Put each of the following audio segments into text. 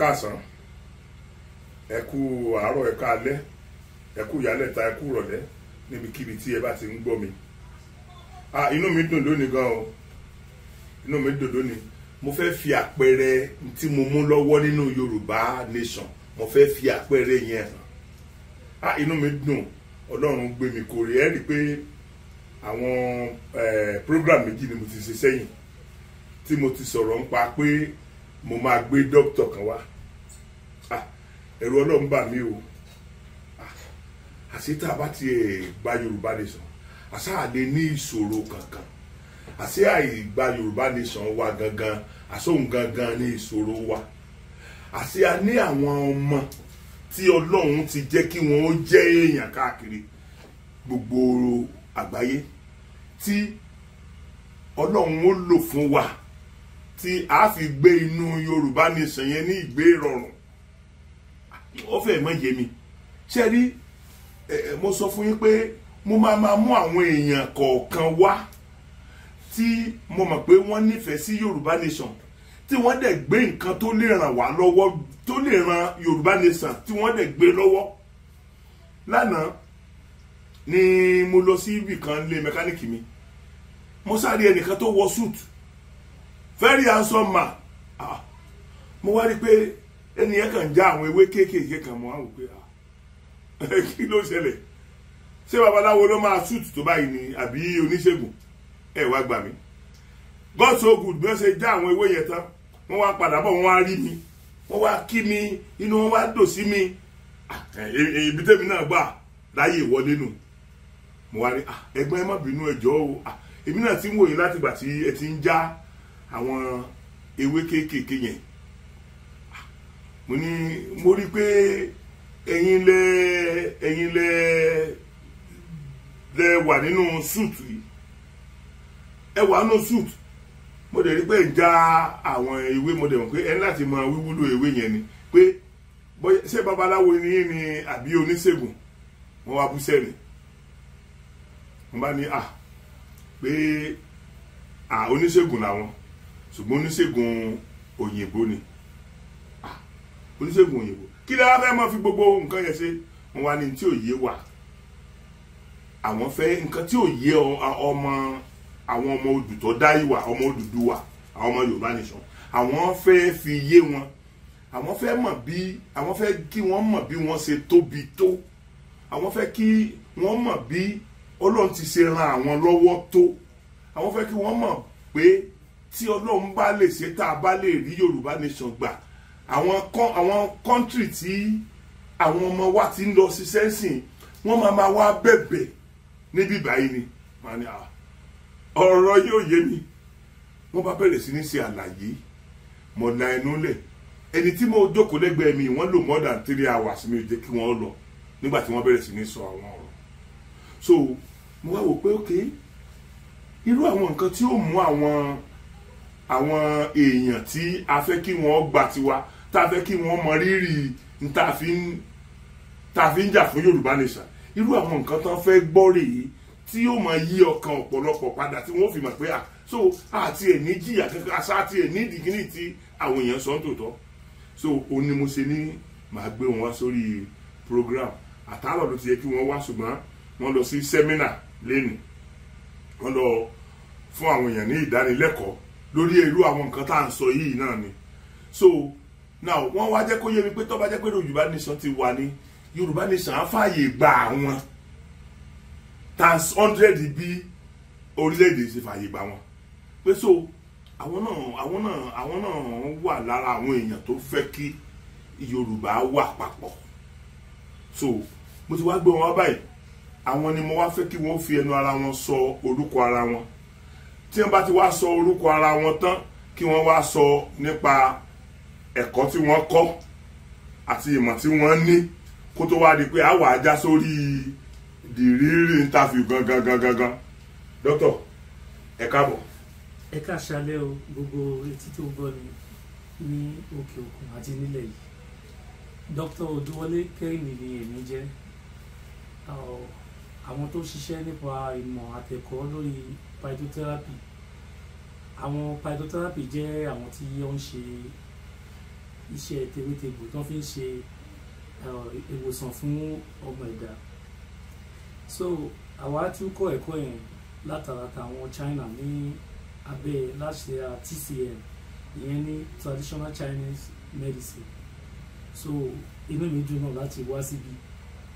káàsán ẹ kú àárọ̀ ẹ káalẹ́ ẹ kú ìyálẹ̀ta ẹ kú ìrọ̀lẹ́ níbikíbi tí ẹ bá ti ń gbọ́ mi ah inú mi dùn lónìí gan o inú mi dùn lónìí mo fẹ́ fi àpẹẹrẹ tí mo mú lọ́wọ́ nínú Yorùbá nation mo fẹ́ fi àpẹẹrẹ yẹn hàn ah inú mi dùn Ọlọ́run gbé mi kórè ẹ rí i pé àwọn eh, program méjì ni mo ti ṣe sẹ́yìn tí mo ti sọ̀rọ̀ ń pa pé mo máa gbé dókítà kan wá ẹ̀rù ọlọ́run bà mí o àti tá a bá ti gba yorùbá nation àṣà àlè ní ìṣòro kankan àṣẹ àìgba yorùbá nation wa gangan àṣòhun gangan ní ìṣòro wa àṣẹ a ní àwọn ọmọ tí ọlọ́run ti jẹ́ kí wọ́n jẹ́ èèyàn káàkiri gbogbo àgbáyé tí ọlọ́run ó lò fún wa tí a fi gbé inú yorùbá nation yẹn ní ìgbé ìrọ̀rùn ó fẹ́ mọ́ yé mi ṣe rí mo sọ fún yín pé mo máa máa mú àwọn èèyàn kọ̀ọ̀kan wá tí mo mọ̀ pé wọ́n nífẹ̀ẹ́ sí Yorùbá Nation tí wọ́n dẹ̀ gbé nǹkan tó lè ràn wá lọ́wọ́ tó lè ran Yorùbá Nation tí wọ́n dẹ̀ gbé lọ́wọ́ lánàá ni mo lọ sí ibì kan lé mẹkáníìkì mi mo sáré ẹnìkan tó wọ suit very handsome man ah mo wá rí i pé ẹnìyẹn kàn já àwọn ewé kéékèèké kan mọ́ àwọn pé ah, kí ló ṣẹlẹ̀ ṣé babaláwo ló máa ṣùtù tó báyìí ni àbí oníṣègùn ẹ wá gbà mí God so good bí wọ́n ṣe já àwọn ewé yẹn tán wọ́n wá padà bọ̀ wọ́n wá rí mi wọ́n wá kí mi inú wọn wá dò sí mi ah, ibi tẹ́mi náà gbà láyé ìwọlé nù mo wá rí ah, ẹgbẹ́ ẹ má bínú ẹjọ́ o èmi náà ti ń wòye látìgbà tí ẹ ti ń já àwọn ewé kéékèèké yẹn mo ní mo rí pé ẹ̀yin lẹ ẹ̀yin lẹ lẹ wà nínú súùtù yìí ẹ wà nínú súùtù mo dẹ̀ rí pé ìjà àwọn ewé mo dẹ̀ mọ̀ pé ẹ ní láti mọ wíwúlò ewé yẹn ni pé ṣé babaláwo ni yín ni àbí oníṣègùn wọn wá bú sẹ́ni mo bá ní à pé à oníṣègùn làwọn ṣùgbọ́n oníṣègùn òyìnbó ni oníṣègùn òyìnbó kí lè wá fẹ́ mọ́ fi gbogbo nǹkan yẹn ṣe wọn wá ní tí ò yé wà àwọn fẹ́ nǹkan tí ò yé ọmọ àwọn ọmọ Odùduwà tó dá ìwà ọmọ Odùduwà àwọn ọmọ Yorùbá nìṣàn àwọn fẹ́ fi yé wọn àwọn fẹ́ mọ̀ bí àwọn fẹ́ kí wọ́n mọ̀ bí wọ́n ṣe tóbi tó àwọn fẹ́ kí wọ́n mọ̀ bí Ọlọ́run ti ṣe ran àwọn lọ́wọ́ tó àwọn fẹ́ kí wọ́n mọ̀ pé tí Ọlọ́run bá lè ṣe tá a bá lè rí Yorùbá nìṣàn gbà àwọn kọ́ àwọn kọ́ńtì tí àwọn ọmọ wa ti ń lọ ṣiṣẹ́ sìn wọ́n máa máa wá bẹ̀bẹ̀ níbí báyìí ni màá ní ọ̀rọ̀ yóò yé mi wọ́n bá bẹ̀rẹ̀ sí ní ṣe àlàyé mo la ẹnu lẹ̀ ẹni tí mo jókòó lẹ́gbẹ̀ẹ́ mi wọ́n lò more than three hours mi ò jẹ́ kí wọ́n lọ nígbà tí wọ́n bẹ̀rẹ̀ sí ní sọ àwọn ọ̀rọ̀ so mo wá wò pé ok irú àwọn nǹkan tí ó mú àwọn àwọn èèyàn tí a fẹ́ kí wọ́n gbà tiwa ta a fẹ́ kí wọ́n mọ rírì tá a fi ń jà fún Yorùbá nation irú àwọn nǹkan tán fẹ́ gbọ́ rèé tí yóò máa yí ọkàn ọ̀pọ̀lọpọ̀ padà tí wọ́n fi mọ̀ pé so àti ẹ̀ ní jìyà kankan àṣà àti ẹ̀ ní dìgírì tí àwọn èèyàn sọ ń tòótọ́ so òun ni mo ṣe ní màá gbé wọn wá sórí program àtàlọ́ ló ti yẹ kí wọ́n wá ṣùgbọ́n wọ́n lọ sí sẹ́mínà lẹ́nu wọ́n lọ fún àwọn èèyàn ní ìdánilẹ́kọ̀ọ́ lórí irú àwọn nǹkan tá à ń sọ yìí náà ni so now wọ́n wá jẹ́ kó yé mi pé tó bá jẹ́ pé yorùbá nation ti wà ní yorùbá nation á fààyè gba àwọn times hundred bí orílẹ̀-èdè ṣe fààyè gba wọn pé so àwọn náà àwọn náà àwọn náà wà lára àwọn èèyàn tó fẹ́ kí yorùbá wà papọ̀ so mo ti wá gbé wọn wá báyìí àwọn ni mo wá fẹ́ kí wọ́n fi ẹnu ara wọn sọ orúkọ ara wọn tí wọ́n bá ti wá sọ orúkọ ara wọn tán kí wọ́n wá sọ nípa ẹ̀kọ́ tí wọ́n kọ́ àti ìmọ̀ tí wọ́n ní kó tó wá di pé àwọ̀ ajá sórí the real interview gangan gangan gangan dókítà ẹ káàbọ̀. ẹ ká ṣalẹ́ o gbogbo etí tó gbọ́ ni ní òkè òkun àti nílẹ̀ yìí dókítà odúwọlé kẹ́hìnì ni èmi jẹ́ àwọn tó ṣiṣẹ́ nípa ìmọ̀ àtẹ̀kọ́ lórí phytotherapy àwọn phytotherapy jẹ́ àwọn tí ó ń ṣe iṣẹ́ tewétegbò tó fi ń ṣe ìwòsàn fún ọmọ ẹ̀dá so àwa tún kọ́ ẹ̀kọ́ yẹn látara tàwọn China ní abẹ́ láṣẹ TCM ìyẹn ní traditional Chinese medicine so inú mi dùn náà láti wá síbi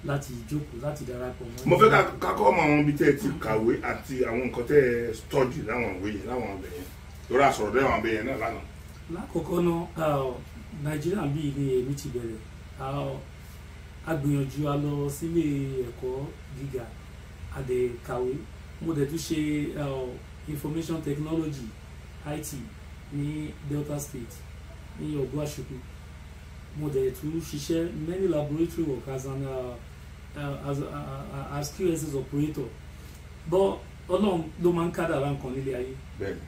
láti jókòó láti darapọ̀ mọ́. mo fẹ́ ká kọ́ ọmọ àwọn ibi tẹ́ ẹ ti kàwé àti àwọn nǹkan tẹ́ ẹ tọ́jú láwọn ìwé yẹn láwọn abẹ yẹn lórí àsọ̀rọ̀ dẹ́wọ̀n abẹ yẹn náà lánàá. lákòókò náà nàìjíríà ń bí ilé èmi ti bẹ̀rẹ̀ a gbìyànjú a lọ sílé ẹ̀kọ́ gíga a dẹ̀ kàwé mo dẹ̀ tún ṣe information technology IT ní Delta State ní Oguasukun mo dẹ̀ tún ṣiṣẹ́ many laboratory work as an uh, as, uh, as QSS operator but ọlọ́run ló máa ń kádàrá nǹkan nílé ayé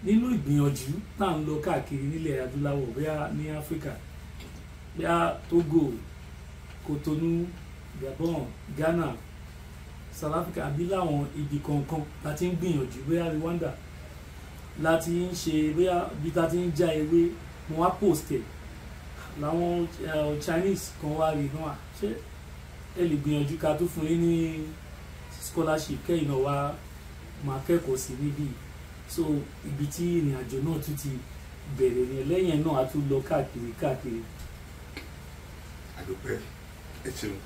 nínú ìgbìyànjú tá à ń lọ káàkiri nílẹ̀ adúláwọ̀ bóyá ní Áfíríkà Bia, Togo Kotonu, Gabon Ghana South Africa àbí láwọn ibi kọ̀ọ̀kan la ti ń gbìyànjú bóyá Rwanda la ti ń ṣe bóyá ibi ta ti ń já ewé mo wá post làwọn eh, Chinese kan wá rí náà ṣé ẹ lè gbìyànjú ká tó fún yín ní scholarship kẹ́yìn náà wá máa kẹ́kọ̀ọ́ sí níbí so ibi tí ìrìn àjò náà tún ti bẹ̀rẹ̀ yẹn lẹ́yìn náà a tún lọ káàkiri káàkiri àdúpẹ́ ẹ ṣeun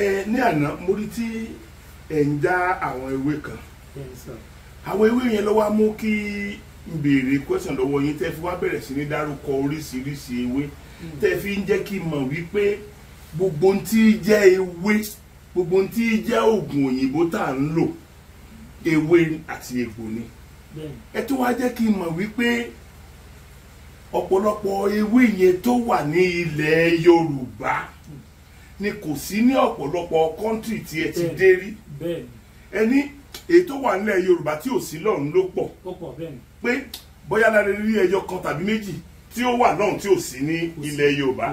ẹ ní àná mo rí tí ẹ ń dá àwọn ewé kan àwọn ewé yẹn ló wá mú kí n béèrè question lọ́wọ́ yín tẹ́ fi wá bẹ̀rẹ̀ sí ní dárúkọ oríṣiríṣi ewé hmm. tẹ́ fi ń jẹ́ kí n mọ̀ wípé gbogbo ohun tí jẹ́ ewé gbogbo ohun tí jẹ́ oògùn òyìnbó tá à ń lò ewé àti egbò ni ẹ tó wá jẹ́ kí n mọ̀ wípé ọ̀pọ̀lọpọ̀ ewé yẹn tó wà ní ilẹ̀ Yorùbá ni kò sí ní ọ̀pọ̀lọpọ̀ kọ́ńtì tí ẹ ti dé rí ẹni èyí tó wà nílẹ̀ Yorùbá tí ò sí lọ́run ló pọ̀ pé bóyá lára rí ẹyọ kan tàbí méjì tí ó wà lọ́run tí ò sí ní ilẹ̀ Yorùbá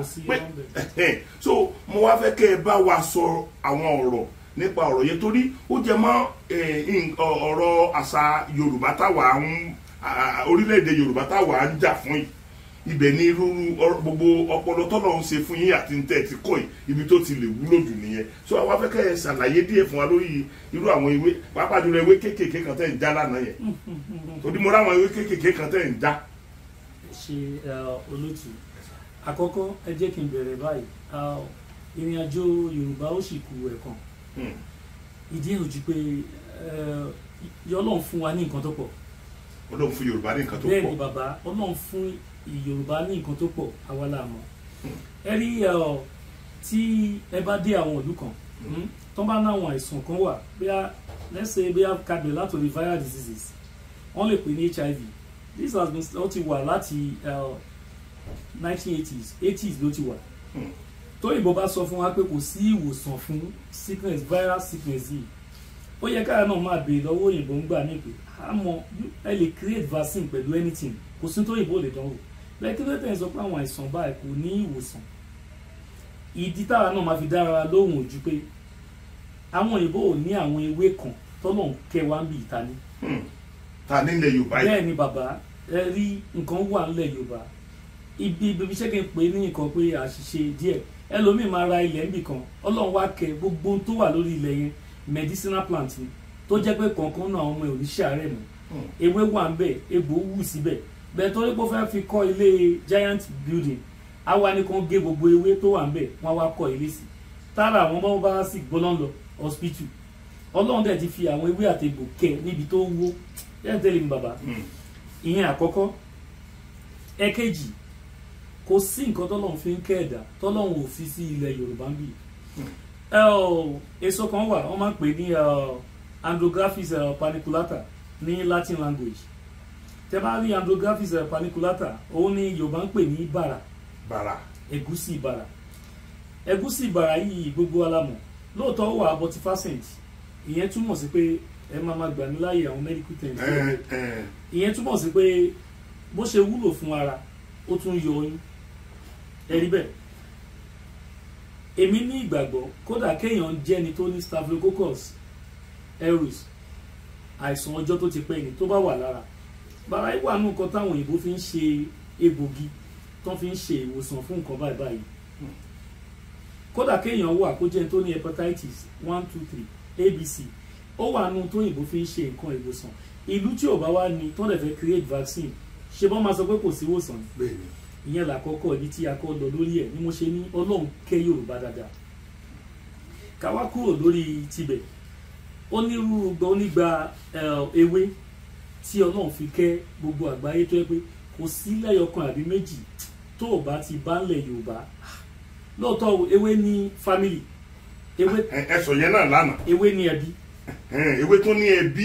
pé so mo wá fẹ́ kẹ́ ẹ bá wa sọ àwọn ọ̀rọ̀ nípa ọ̀rọ̀ yẹn torí ó jẹ mọ́ ọ̀rọ̀ àṣà Yorùbá táwa orílẹ̀-èdè Yorùbá táwa ń jà fún yìí ibẹ̀ ni irúurú gbogbo ọpọlọ tọ́lọ̀ ń ṣe fún yín àti ntẹ́ ti kọ́ yìí ibi tó ti lè wúlò jù nìyẹn so àwa fẹ́ kẹ́ ẹ ṣàlàyé díẹ̀ fún wa lórí irú àwọn ewé pàápàá jùlọ ewé kéékèèké kan tẹ́ ń já lánàá yẹn torí mo ráwọn ewé kéékèèké kan tẹ́ ń já. ṣe olótú àkọ́kọ́ ẹ jẹ́ kí n bẹ̀rẹ̀ báyìí ìrìn àjò Yorùbá ó sì kù ẹ̀kan hmm. ìdí ẹ̀ ojú pé Ọlọ́run fún wa ní nǹkan tó pọ̀ Yorùbá ní nǹkan tó pọ̀ àwa la mọ̀ ẹ rí tí ẹ bá dé àwọn ìlú kan hmm, tó bá náwọn àìsàn kan wà bóyá let's bóyá kàgbé látòrí viral diseases wọ́n lè pè ní HIV this has been ó ti wà láti s eighties eighties ló ti wà tóyìnbó bá sọ fún wa pé kò sí ìwòsàn fún sickness viral sickness yìí ó yẹ káyà náà máa béèrè lọ́wọ́ òyìnbó ń gbà mí pé àmọ́ ẹ lè create vaccine pẹ̀lú anything kò sí tó òyìnbó lè dánwò lẹ́kí ló tẹ̀yìn sọ pé àwọn àìsàn báyìí kò ní ìwòsàn ìdí táwa náà máa fi dára lóhùn ojú pé àwọn òyìnbó ò ní àwọn ewé kan tọ́lọ̀ ń kẹ́ wá ń bí ìta ní. Hmm. ta ní ilẹ̀ yorùbá yìí. bẹ́ẹ̀ ni bàbá ẹ rí nǹkan wà nílẹ̀ yorùbá ibi ibi iṣẹ́ kí n pè é ní nǹkan pé àṣìṣe díẹ̀ ẹlòmíì máa ra ilẹ̀ níbì kan ọlọ́run wá kẹ gbogbo tó wà lórí ilẹ̀ yẹn medicinal plant ni tó jẹ́ pé kọ̀ọ̀kan náà àwọn ọmọ ẹ̀ ò ní hmm. ewé wà ń bẹ̀ egbò wù síbẹ̀ bẹ́ẹ̀ torí pé ó fẹ́ fi kọ́ ilé giant building àwa ni kàn gé gbogbo ewé tó wà ńbẹ̀ wọ́n wá kọ́ ilé sí tára àwọn ọmọ bá sì gbóná lọ hospital ọlọ́run dẹ̀ ti fi àwọn ewé àtẹ̀gbò kẹ níbi tó wó yẹn tẹ́lẹ̀ mi bàbá hmm. ìyẹn àkọ́kọ́ ẹ̀kejì kò sí nǹkan tọ́lọ́run fi ń kẹ́ ẹ̀dá tọ́lọ́run ò fi sí ilẹ̀ yorùbá ń bì hmm. èso kan wà wọ́n máa ń pè ní andrographis paniculata ní latin language tẹ bá rí andrographis paniculata òun ni yorùbá ń pè ní bàrà egusi ẹ̀gúsí bàrà ẹ̀gúsí bàrà yìí gbogbo alamọ̀ lóòótọ́ wà forty percent ìyẹn túmọ̀ sí pé ẹ máa ma gbà mí láàyè àwọn medical terms ìyẹn túmọ̀ sí pé bó ṣe wúlò fún ara ó tún yọ ọyún ẹ bẹ́ẹ̀ èmi ní ìgbàgbọ́ kódà kéèyàn jẹ́ni tó ní staphylococcus aureus àìsàn ọjọ́ tó ti pẹ́ ni tó bá wà lára bàrà ìwà nù kan táwọn òyìnbó fi ń ṣe egbògi tán fi ń ṣe ìwòsàn fún nǹkan báyìí báyìí kódà kéèyàn wà kó jẹ́ tó ní hepatitis one two three abc ó wà nù tó òyìnbó fi ń ṣe nǹkan ìwòsàn ìlú tí ò bá wá ní tó dẹ̀ fẹ́ create vaccine ṣe bọ́n máa sọ pé kò sí ìwòsàn ìyẹn làkọ́kọ́ ibi tí a kọ́ lọ lórí ẹ̀ ni mo ṣe ní ọlọ́run kẹ́ yorùbá dáadáa ká wá kúrò lórí tibẹ̀ onírúurú onígba ewé tí ọlọ́run fi kẹ́ gbogbo àgbáyé tó yẹ pé kò sí lẹ́yọkan àbí méjì tó o bá ti bá ńlẹ̀ yorùbá lóòótọ́ ewé ní family ewé ẹ sọ yẹn náà lánàá ewé ní ẹbí ewé tún ní ẹbí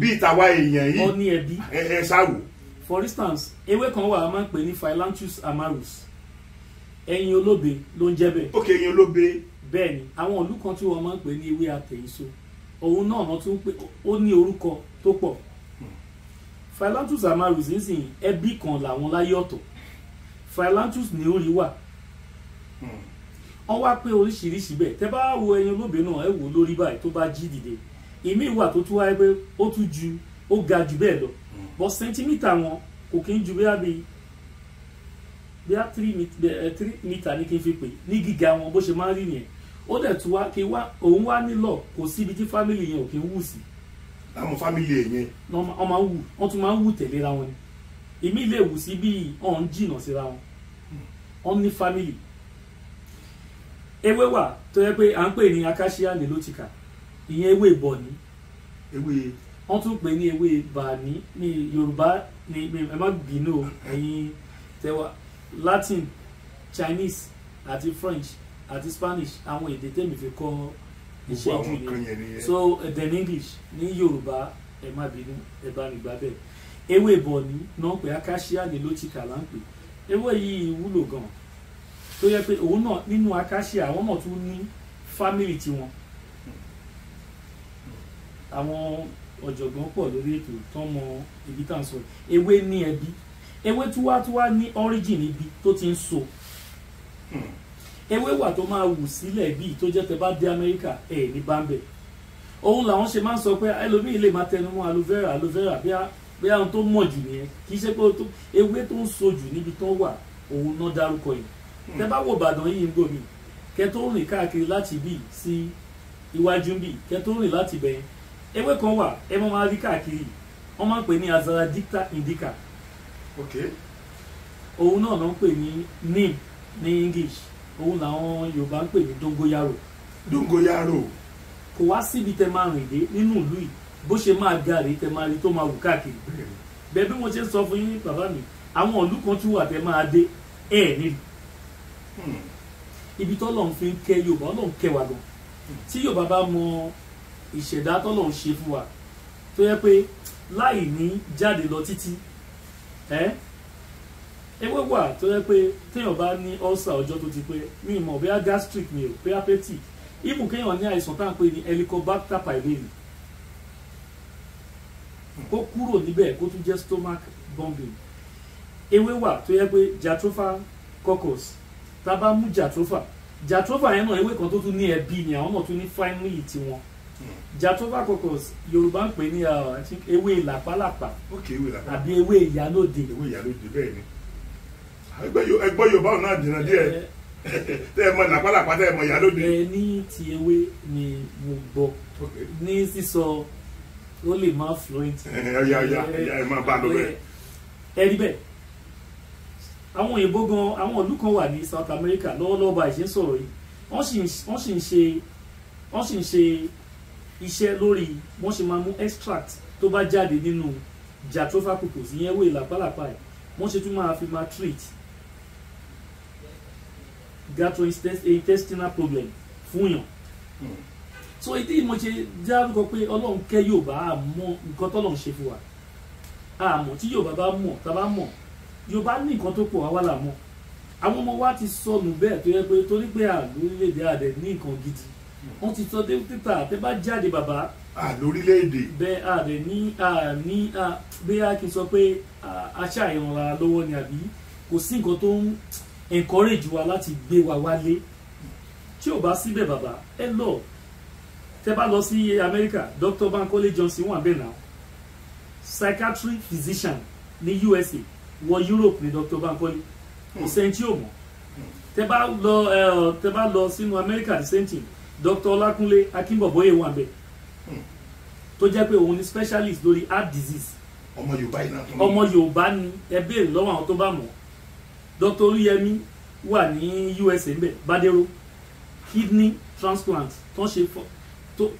bíi tàwa èèyàn yìí ọ ní ẹbí ẹ ṣáwò. for instance ewé kan wà a máa ń pè ní phyllanthus amarus ẹyin olóbe ló ń jẹ́ bẹ́ẹ̀. ok ẹyin olóbe. bẹ́ẹ̀ni àwọn ìlú kan tí wọn máa ń pè ní ewé àtẹ̀yìnso òun náà wọn tún pè ó ní orúkọ tó pọ̀ philanthus amaris nísìnyí ẹbí kan làwọn láyé ọ̀tọ̀ philanthus ní orí wà hmm. wọ́n wá pé oríṣiríṣi bẹ́ẹ̀ tẹ́ bá wo ẹyin olóògbé náà ẹ wò lórí báyìí tó bá jí dìde ìmí ìwà tó tún wáyé pé ó tún ju ó ga jù bẹ́ẹ̀ lọ hmm. bọ́ sẹ́ńtímítà wọn kò kí ń ju bí abẹ́ bí a mítà ní kí n fi pè ní gíga wọn bó ṣe máa ń rí nìyẹn ó dẹ̀ tún wá kí wá òun wá nílọ̀ kò síbi tí fámìlì yẹn ò kí ń wù sí láwọn fámìlì ẹ̀ yẹn. wọ́n máa ń wù wọ́n tún máa ń wù tẹ̀léra wọn ni èmi lè wù sí bí ọ̀hún jìnnà síra wọn wọ́n ní fámìlì. ewé wà tó yẹ pé à ń pè ní acacia nilotica ìyẹn ewé ìbọ̀nì. ewé wọ́n tún pè ní ewé bàní ní yorùbá ní ẹ má bínú ẹ̀yin tẹwa latin chinese àti french àti spanish àwọn èdè tèmi fi kọ́ iṣẹ́ ìdílé so eh, then english ní yorùbá ẹ má bínú ẹ bá mi gbà bẹ́ẹ̀ ewé bọ̀ọ̀nì náà pé akáṣíà ní lóchìkà là ń pè ewé yìí wúlò gan tó yẹ pé òun náà nínú akáṣíà àwọn náà tún ní fámìlì tiwọn àwọn ọ̀jọ̀gbọ́n pọ̀ lórí ètò tó mọ ibi tá à ń sọ ewé ní ẹbí ewé tí wàá ní ọ́ríjìn níbi tó ti ń so. Hmm ewé wà tó máa wù sílẹ̀ bíi tó jẹ́ tẹ bá dé amẹ́ríkà ẹ̀ ní bámbẹ̀ òun làwọn ṣe máa ń sọ pé ẹlòmíì lè máa tẹnu mọ́ aloe vera aloe vera bí bí àwọn tó mọ̀ jù nìyẹn kì í ṣe pé ewé tó ń so jù níbi tó wà òun náà dárúkọ yìí hmm. tẹ bá wò ìbàdàn yìí ń gbò mí kẹ tó rìn káàkiri láti bíi sí iwájú bíi kẹ tó rìn láti bẹ̀yẹn ewé kan wà ẹ mọ́ máa rí káàkiri wọ́n máa ń pè ní azaradicta indica òun náà náà ń pè ní neem ní english òun làwọn Yorùbá ń pè ní dongoyaro. dongoyaro. kò wá síbi tẹ máa rìn dé nínú ìlú yìí bó ṣe máa ga rèé tẹ máa rí tó máa wù káàkiri. bẹ́ẹ̀ bí mo ṣe ń sọ fún yín bàbá mi àwọn ìlú kan tún wà tẹ máa dé ẹ ní. Hmm. ibi tọ́lọ̀ ń fi ń kẹ́ Yorùbá ọlọ́run kẹ́ wa gan tí Yorùbá bá mọ ìṣẹ̀dá tọ́lọ̀ ń ṣe fún wa tó yẹ pé láì ní jáde lọ títí ewé wà tó yẹ pé téèyàn bá ní ulcer ọjọ́ tó ti pé mi mọ̀ bóyá gastric ni o bóyá peptic ibù kéèyàn ní àìsàn tá à ń pè ní helicobacter pylori kó kúrò níbẹ̀ kó tún jẹ́ stomach bombing ewé wà tó yẹ pé jatropha coccus tá a bá mú jatropha jatropha yẹn náà ewé kan tó tún ní ẹbí ni àwọn náà tún ní family tiwọn jatropha coccus yorùbá ń pè ní uh, ewé làpálàpá àbí ewé ìyálóde ewé ìyálóde bẹ́ẹ̀ ni ẹgbẹ́ yorùbá ọ̀nà àdìrán díẹ̀ eh. tẹ ẹ mọ nàpàlàpà tẹ ẹ mọ ìyá lóde. ẹ eh, ní ti ewé ni mo gbọ́ ní sísọ ó lè má fluent. ẹ ya ya ya ẹ máa bá a lọ bẹ́ẹ̀. Eh, ẹ rí bẹ́ẹ̀ àwọn òyìnbó gan àwọn ìlú kan wà ní South America lọ́wọ́lọ́wọ́ bá ìṣe ń sọ̀rọ̀ yìí wọ́n sì ń ṣe wọ́n sì ń ṣe iṣẹ́ lórí wọ́n ṣe máa mú extract tó bá jáde nínú jatropha pupus ìyẹn wé làpálàpá ẹ̀ wọ́n ṣe tún máa fi máa treat gastrointestinal problem fún yàn hmm. so ìdí mo ṣe dárúkọ pé ọlọ́run kẹ́ yorùbá àmọ́ nǹkan tọ́lọ́run ṣe fún wa àmọ́ tí yorùbá bá mọ̀ tá bá mọ̀ yorùbá ní nǹkan tó pọ̀ wá là mọ́ àwọn ọmọ wa ti sọnù bẹ́ẹ̀ tó yẹ pé torí pé àlórílẹ̀‐èdè àdẹ̀ ní nǹkan gidi hmm. wọ́n ti sọ dókítà tẹ́ bá jáde bàbá àlórílẹ̀‐èdè bẹ́ẹ̀ àdẹ̀ ní ní bẹ́ẹ̀ kí n sọ pé aṣáàyàn ra lọ́wọ́ ni àbí kò sí nǹkan tó ń encourage wa láti gbé wa wálé tí ò bá síbẹ̀ bàbá ẹ lọ tẹ́ bá lọ sí Amẹ́ríkà Dr. Bankole Johnson wà bẹ́ẹ̀ náà psychiatry physician ní USA wọ Europe ní Dr. Bankole kò sẹ́ni tí ò mọ̀ tẹ́ bá lọ tẹ́ bá lọ sínú Amẹ́ríkà the same thing Dr. Ọlákúnlé Akínbọ̀bọ́yè wà bẹ́ẹ̀ tó jẹ́ pé òun ni specialist lórí heart disease ọmọ Yorùbá ni ẹ béèrè lọ́wọ́ àwọn tó bá mọ̀ ọ́ Dr Olúyẹmí wà ní USA ń bẹ̀ Badero kidney transplant tó ń ṣe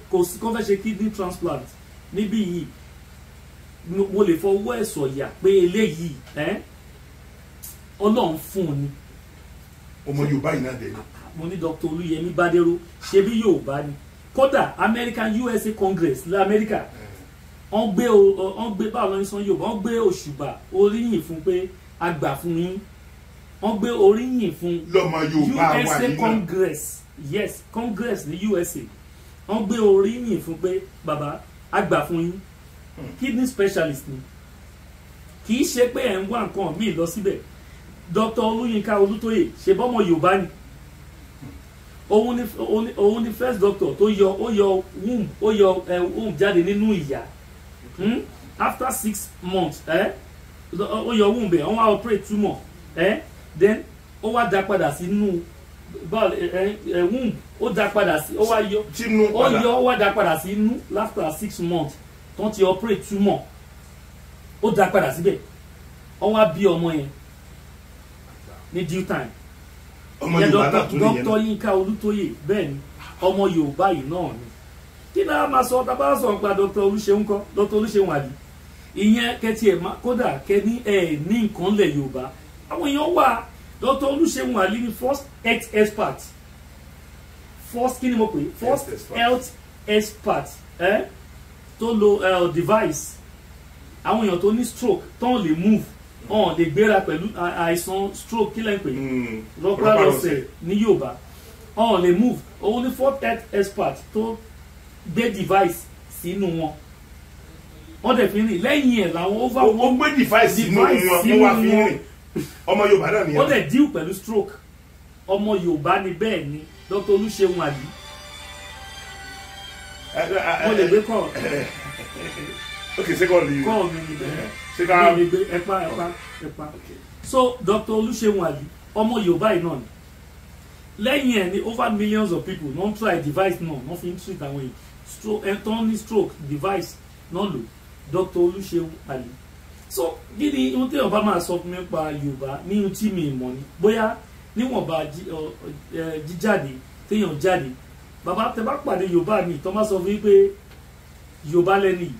kò sí kó fẹ́ ṣe kidney transplant níbí yìí mo lè fọwọ́ ẹ̀ sọ̀yà pé eléyìí ọlọ́run fún un ni. ọmọ yorùbá yìí náà dé. mo ní Dr Olúyẹmí Badero ṣe bí yorùbá ni kódà American USA Congress ní Amẹ́ríkà wọ́n gbé báwo ló ń san yorùbá wọ́n gbé òṣùbà oríyìn fún pé a gbà fún yín wọ́n gbé oríyìn fún USA Congress yes Congress ní USA wọ́n gbé oríyìn fún pé baba àgbà fún yín hmm. kidney specialist ni kì í ṣe pé ẹ̀ ń wá nǹkan míì lọ síbẹ̀ Dr. Olúyinká Olútóyè ṣe bọ́mọ Yorùbá ni òun ni first doctor tó yọ ó yọ womb ó yọ eh, womb jáde nínú ìyá hmm? after six months eh, ó yọ womb ẹ̀ wọ́n wá operate two more. Eh? then ó wá dá padà sínú eh, eh, eh, womb ó dá padà sí ó wá yọ ó yọ ó wá dá padà sínú after six months tó ti operate tumor ó dá padà síbẹ̀ ó wá bí ọmọ yẹn ní due time ọmọ yorùbá náà tó lè yẹn dr yinka olùtóyè bẹ́ẹ̀ ni ọmọ yorùbá yìí náà ni kí ni a máa sọ tá a bá sọ nípa dr olùṣeun kọ dr olùṣeun àdì ìyẹn kẹtì ẹ kódà kẹ ní ẹ ní nǹkan lẹ yorùbá àwọn èèyàn wà Dr. Olúṣẹ̀gun Àlí ni first health expert first kí ni mo pè first health expert eh? tó lo uh, device àwọn èèyàn tó ní stroke tán lè move ọ̀n lè gbéra pẹ̀lú àìsàn stroke kí lẹ́yìn pé hmm. rọpárọsẹ̀ ní Yorùbá ọ̀n lè move òun ní four tech expert tó gbé device sínú wọn wọ́n dẹ̀ fi rìn lẹ́yìn ẹ̀ làwọn over one device sínú wọn ọmọ yorùbá náà nìyẹn. ó lè díù pẹ̀lú stroke ọmọ yorùbá ni bẹ́ẹ̀ ni dr olúṣeun àbí mo lè gbé kọ́ ok ṣé kọ́ ni kọ́ mi ni bẹ́ẹ̀ ṣé ká mi gbé ẹ̀pá ẹ̀pá ẹ̀pá so dr olúṣeun àbí ọmọ yorùbá yìí náà ni lẹ́yìn ẹ̀ ni over millions of people don try device náà wọ́n fi ń treat àwọn èèyàn stroke ẹ̀ tán ní stroke device náà lò dr olúṣeun àbí so gidi ohun tí ọba máa sọ fún mi pa yorùbá ní ohun tí mi mọ̀ ni bóyá níwọ̀nba jíjáde téèyàn jáde bàbá tẹ bá pàdé yorùbá mi tó má sọ fún yín pé yorùbá lẹ́nu yìí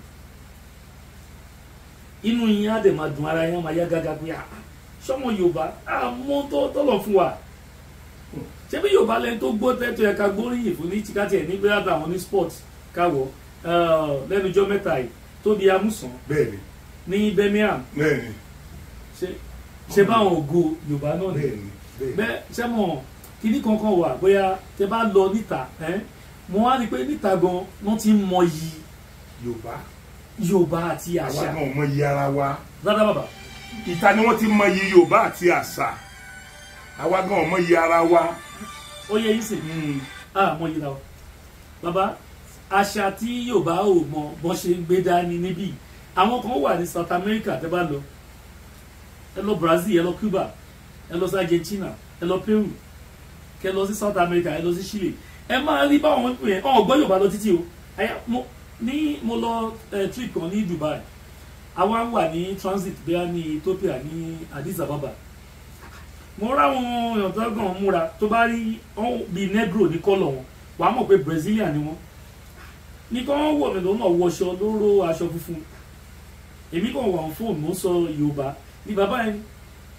inú yín á dẹ̀ máa dùn ara yín á máa yá gágá pé àá ah, sọmọ ah, yorùbá àmọ́ tọ́lọ̀ fún wa ṣebí yorùbá lẹni tó gbọ́ tẹ́tọ́ ẹ̀ ká gbóríyìn fún ní tìkátì ẹ̀ ní bẹ́ẹ̀ àtàwọn ní sport káwọ́ lẹ́nu jọ́ mẹ́ta yìí tó di amúsàn. bẹ́ẹ̀ni ní birmingham ṣe báwọn ògo yorùbá náà ni bẹ́ẹ̀ sẹ́mọ̀ kínní kankan wà bóyá tẹ bá lọ níta mo wá rí i pé níta gan wọ́n ti ń mọyì yorùbá yorùbá àti àṣà àwa náà mọyì ara wa dada bàbá ìta ni wọ́n ti mọyì yorùbá àti àṣà àwa gan mọyì ara wa. ó yẹ yín sè é hmm. mọyì ra wa bàbá àṣà tí yorùbá ò mọ bọ́n ṣe gbé dání níbí yìí àwọn kan wà ní South America tẹ́ bá lọ ẹ lọ Brazil ẹ lọ Cuba ẹ lọ sí Argentina ẹ lọ Peru kẹ lọ sí South America ẹ lọ sí Chile ẹ máa rí báwọn yẹn ọ̀ gbọ́ Yorùbá lọ títí o ní mo lọ trip kan ní Dubai àwa wà ní transit bẹ́ẹ̀ ní Ethiopia ní Addis Ababa mo ráwọn èèyàn tó gàn múra tó bá rí bí negro ní kọ́lọ̀ wọn wàá mọ̀ pé Brazilian ni wọ́n ní kí wọ́n wọ̀ mí lọ́nà wọṣọ lóró aṣọ funfun èmi kàn wà fóònù mo ń sọ yorùbá ní bàbá yẹn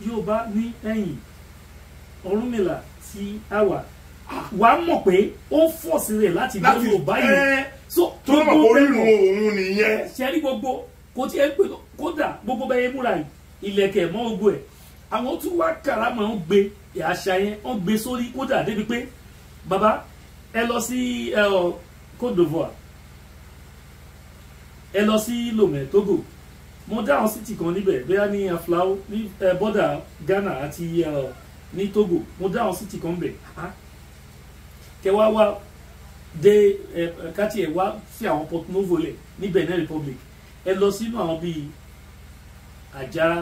yorùbá ní ẹ̀yìn ọ̀rúnmìlà tí a wà wàá mọ̀ pé ó ń fọ̀ sí rẹ̀ láti gbé yorùbá yìí so gbogbo bẹ́ẹ̀ òun nìyẹn ṣẹ́rí gbogbo kò tí ẹ pé kódà gbogbo bẹ́ẹ̀ yẹn múra yìí ilẹ̀kẹ̀ mọ́ ogun ẹ̀ àwọn tún wá kàràmà ń gbé àṣà yẹn ń gbé sórí kódà débi pé bàbá ẹ lọ sí Côte d'Ivoire ẹ lọ sí Lomé Togo mo dá àwọn city kan níbẹ̀ bóyá ní aflao ní eh, bọ́dà Ghana àti eh, ní Togo mo dá àwọn city kan bẹ̀ kẹwàá wá dé eh, káàtì ẹ̀ wá sí àwọn Porto Novo lẹ̀ ní Benin Republic ẹ lọ sínú àwọn bíi Àjàrà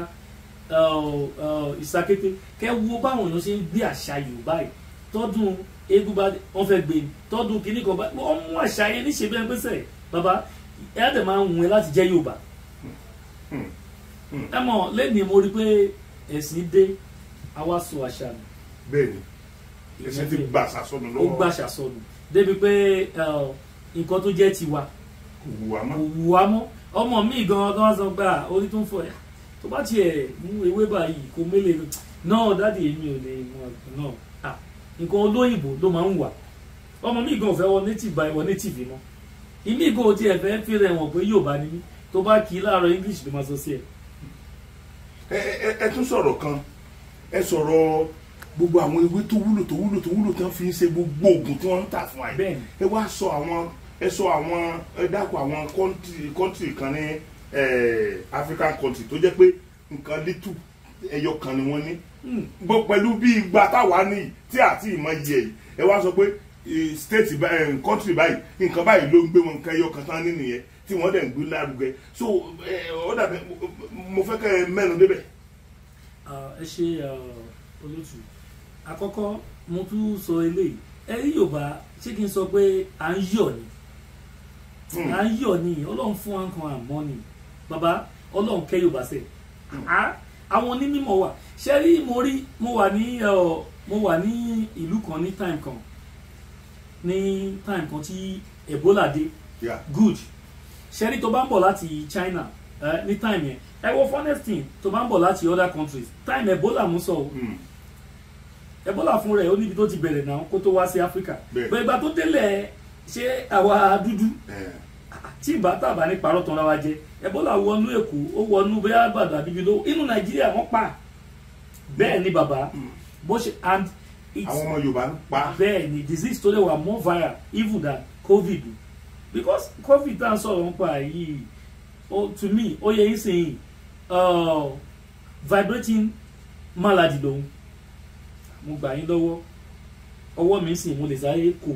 ìsakété kẹ wo báwọn èèyàn ṣe ń gbé àṣà Yorùbá yìí tọdún eégún bá wọn fẹ́ gbé tọdún kìnnìkan bá wọn mú àṣà yẹn níṣẹ́ bí ẹgbẹ́sẹ̀ bàbá ẹ̀ á dẹ̀ máa ń wọ̀n láti jẹ́ Yorùbá ẹ mọ̀ lẹ́nìí mo rí pé ẹ̀sìn dé àwa sọ àṣà nù. bẹ́ẹ̀ni ẹ̀sìn ti gbà ṣàsọnù lọ́wọ́ ó gbà ṣàsọnù débi pé nǹkan tó jẹ́ tiwa kò wù wá mọ́ ọmọ mi gan gan san gbà orí tó ń fọ ẹ̀ tó bá tiẹ̀ mú ewé báyìí kò mélè náà dáàdi èmi ò lè mọ̀ náà nǹkan olóyìnbó ló máa ń wà ọmọ mi gan fẹ́ wọ native báyìí wọ native mọ́ ìmí gan ò tiẹ̀ fẹ́ fẹ́rẹ̀ wọn pé Yorùbá ni mí tó bá kì í láàárọ̀ English ló máa sọ sí ẹ̀ ẹ tún sọ̀rọ̀ kan ẹ sọ̀rọ̀ gbogbo àwọn ewé tó wúlò tó wúlò tó wúlò tán fi ń ṣe gbogbo oògùn tí wọ́n ń tà fún wa yìí ẹ wá sọ àwọn ẹ sọ àwọn ẹ dákun àwọn kọ́ńtì kan ní African country tó jẹ́ pé nǹkan lítù ẹyọ kan ni wọ́n ní hmm. bó pẹ̀lú bí igba táwa ní tí àti ìmọ̀ yẹ yìí ẹ wá sọ pé eh, state eh, country báyìí nǹkan báyìí ló ń gbé wọn nǹkan ẹyọ kan tán ní nìyẹn tí wọ́n dẹ̀ ń gbé lárugẹ so ọ dàbí mo fẹ́ kẹ́ ẹ mẹ́nu débẹ̀. ẹ ṣe olótù àkọ́kọ́ mo tún sọ eléyìí ẹ rí yorùbá ṣé kí n sọ pé à ń yọ̀ ni hmm. à ń yọ̀ ni ọlọ́run fún wa kan àmọ́ ni bàbá ọlọ́run kẹ́ yorùbá sẹ̀ hmm. àwọn onímọ̀ wà ṣe rí mo rí mo wà ní mo wà ní ìlú kan ní time kan ní time kan tí Ebola dé good. Yeah ṣẹ́rí tó bá ń bọ̀ láti China ní time yẹn ẹ wo funnest thing tó bá ń bọ̀ láti other countries time Ebola mú sọ o hmm. Ebola fún rẹ̀ ó níbi tó ti bẹ̀rẹ̀ náà kó tó wá sí Africa bẹ́ẹ̀ ìgbà tó délẹ̀ ṣé àwa dúdú tí ìbá tàbá ní parọ́ tán ra wa jẹ Ebola wọnú Èkó ó wọnú bóyá gbàdá bíbí ló inú Nàìjíríà wọ́n pa hmm. bẹ́ẹ̀ ni bàbá hmm. bó ṣe and it's àwọn bẹ́ẹ̀ ni disease tó lè wà more viral even than COVID because covid tá à ń yìí to me ó yẹ yín sìn uh, vibrating malady lòun mo gbà yín lọ́wọ́ ọwọ́ mi sì mo lè sáré kó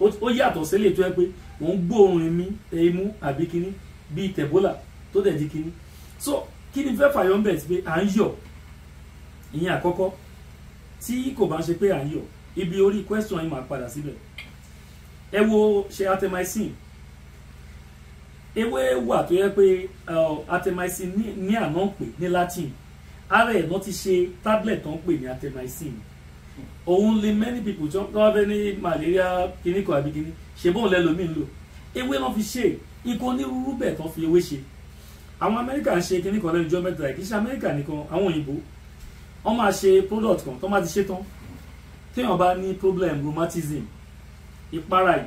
ó yàtọ̀ sílẹ̀ tó yẹ pé mò ń gbóòórùn mi imú àbí kínní bíi tẹ̀bólà tó dẹ̀ di kínní so kí ni fẹ́ fàyọ̀ ń bẹ̀ sí pé à ń yọ̀ ìyẹn àkọ́kọ́ tí kò bá ń ṣe pé à ń yọ̀ ibi orí question yìí máa padà síbẹ̀ ẹ wo ṣe atemisinin ewé wà tó yẹ pé atemisinin ní àná ń pè ní latin ara ẹ̀ náà ti ṣe tablet tó ń pè ní atemisinin òun lè many people tó wá fẹ́ ní malaria kíníkọ àbí kíní ṣe bóun lẹ́lòmíì ń lò ewé náà fi ṣe nǹkan onírúurú bẹ́ẹ̀ tó fi ewé ṣe àwọn amẹ́ríkà ń ṣe kíníkọ lẹ́nu jọ́ mẹ́ta kì í ṣe amẹ́ríkà nìkan àwọn òyìnbó wọ́n máa ṣe product kan tó máa ti ṣe tán téèyàn bá ní problem rheumatism ìpara yìí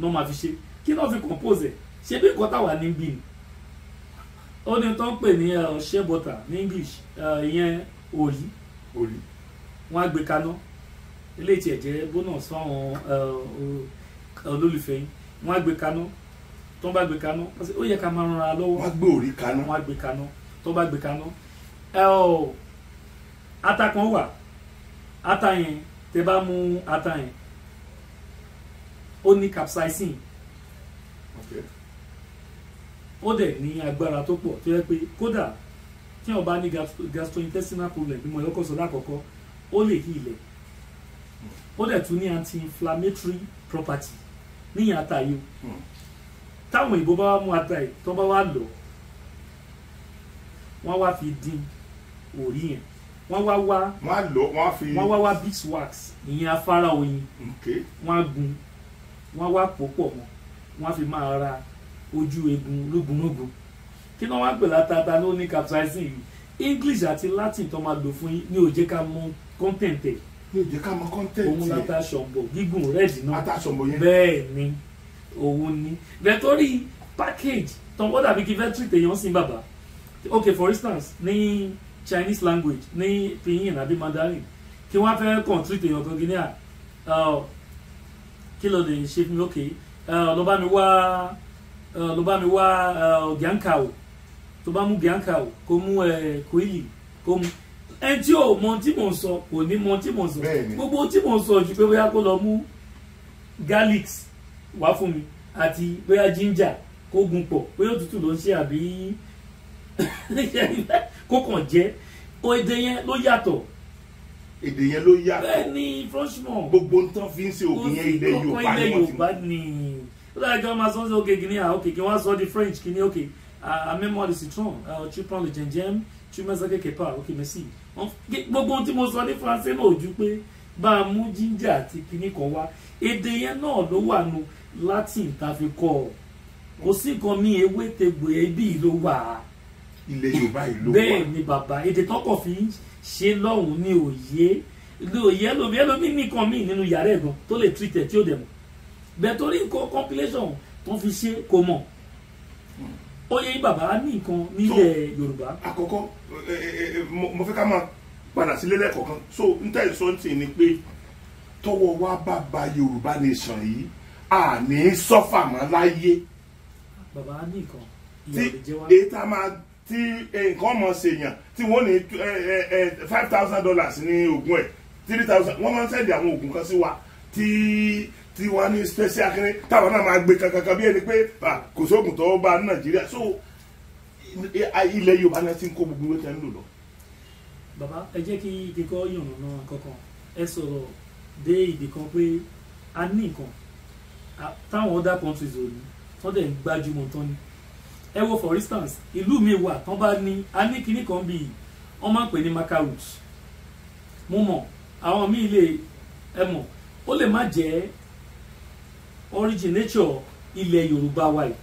náà máa fi ṣe kí náà fi compose ẹ̀ ṣé bí nǹkan táwa ní bí ni ó ní tó ń pè ní shea butter ní English ìyẹn òòlì òòlì wọ́n á gbé kaná eléyìí tiẹ̀ jẹ́ bonus fáwọn olólùfẹ́ yín wọ́n á gbé kaná tó ń bá gbé kaná ó yẹ ká máa ranra lọ́wọ́ wọ́n á gbé òrí kaná wọ́n á gbé kaná tó bá gbé kaná ata wà ata yẹn tẹ bá mú ata yẹn ó ní capsaicin ó dẹ̀ ní agbára tó pọ̀ tó yẹ pé kódà tí wọn bá ní gastrointestinal problem bí mo yọkọ sọ lákọ̀ọ́kọ́ ó lè hí ilẹ̀ hmm. ó dẹ̀ tún ní anti-inflammatory property níyàn àtàyò hmm. táwọn òyìnbó bá wá mú ata yìí tó bá wá lọ wọ́n wá fi dín òrí yẹn wọ́n wá wá wọ́n wá wá beeswax ìyẹn afárá oyin wọ́n á gun wọ́n wá pòpọ̀ wọn wọ́n á fi máa ra ojú egun lógunlógun kí wọ́n wá pè látata ní ó ní english àti latin tó máa lò fún yín ní ó jẹ́ ká mọ̀ content ẹ̀ ní ó jẹ́ ká mọ̀ content ẹ̀ òun látàṣọ̀bọ̀ gígùn red náà àtàṣọ̀bọ̀ yẹn bẹ́ẹ̀ ni òun ni vẹ́tọ́rì package tán wọ́n dàbí kí vẹ́tírì tèèyàn sin bàbá ok for instance ní chinese language ní pinyin àbí mandarin kí wọ́n fẹ́ kàn tírì tèèyàn kan guinea kí ló lè ṣe fún mi ok ló bá mi wá ló bá mi wá gíánká o tó bá mú gíánká o kó mú kúìlì kó mú ẹ tí ò mọ tí mò ń sọ kò ní mọ tí mò ń sọ gbogbo tí mò ń sọ ju pé bóyá kó lọ mú garlic wá fún mi àti bóyá ginger kó gun pọ̀ bóyá òtútù ló ń ṣe àbí kó kàn jẹ́ èdè yẹn ló yàtọ̀ èdè yẹn ló yá. bẹ́ẹ̀ni franchement. gbogbo ń tán fi ń ṣe ògùn yẹn ilẹ̀ Yorùbá ni wọn ti mú. ó dáa ìjọba máa sọ ọ́n sọ òkè kìíní Ah òkè kí wọ́n á sọ di French kìíní òkè àmẹ́mọ́ le citron tu prends le gingembre tu mets ça quelque part òkè merci. gbogbo ohun tí mo sọ ní français, náà ò ju pé bá a mú ginger àti kìíní kan wá èdè yẹn náà ló wà nù Latin tá a fi kọ́ ọ kò sí nǹkan mi ewé tegbò ẹbí ló wà. ilẹ̀ Yorùbá yìí ló wà. bẹ́ẹ̀ ni bàbá èdè tọkọ̀ fi ń ṣe lọ́hùn ní òye ní òye ẹlòmí ẹlòmí nìkan míì nínú yàrá ẹ̀gbọ́n tó lè treat ẹ̀ tí ó dẹ̀ mọ̀ bẹ́ẹ̀ torí nǹkan compilation tó fi ṣe kò mọ̀ ó yẹ bàbá ní nǹkan nílẹ̀ Yorùbá. àkọ́kọ́ mo fẹ́ ká máa padà sílé lẹ́kọ̀ọ̀kan so n tẹ́ ìsọ́ntì ni pé tọwọ́ wa bá ba Yorùbá nation yìí àní sọ́fà mọ́ láyé. bàbá ní nǹkan ìyàwó jẹ́ wá tí eh, nǹkan mọ̀ ṣèyàn tí wọ́n ní eh, eh, five thousand dollars ní oògùn ẹ̀ three thousand wọ́n máa ń sẹ́ẹ̀dì àwọn oògùn kan sí wa tí tí wọ́n ní special kiri táwọn náà máa gbé kankankan bí ẹni pé kò sóògùn tó bá nàìjíríà so ilẹ̀ yorùbá náà ti ń kó gbogbo owó tẹ́ ń lò lọ. bàbá ẹ jẹ́ kí kíkọ́ yànnà náà kankan ẹ sọ̀rọ̀ dé ibì pé a ní nǹkan táwọn other countries ò ní wọ́n dẹ̀ ń gbájúmọ̀ tán ni ẹ wo for instance ìlú mi wà tán bá ní a ní kinní kan bíi wọ́n máa ń pè ní macaroons mo mọ̀ àwọn míì lè ẹ mọ̀ ó lè má jẹ́ originature ilẹ̀ yorùbá wa yìí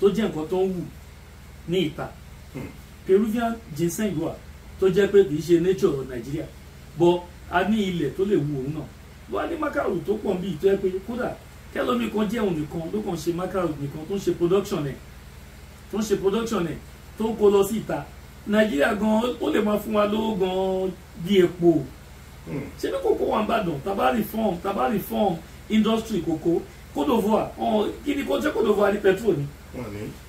tó jẹ́ nǹkan tó ń wù ní ìta hmm. peruvian ginseng wà tó jẹ́ pé kì í ṣe nature nàìjíríà bọ́ a ní ilẹ̀ tó lè wù òun náà wọ́n á ní macaroons tó pọ̀ bíi tó yẹ pé kódà tẹ́lómi kan jẹ́ òun nìkan ló kàn ṣe makarov nìkan tó ń ṣe production ẹ̀ tó ń ṣe production ẹ̀ tó ń kó lọ sí ìta nàìjíríà gan ó lè máa fún wa lówó gan bí epo hmm. ṣé ní kókó wà ń bàdàn tàbá reform tàbá reform industry kókó Côte d'Ivoire kí ni kó jẹ́ Côte d'Ivoire ní petrol ni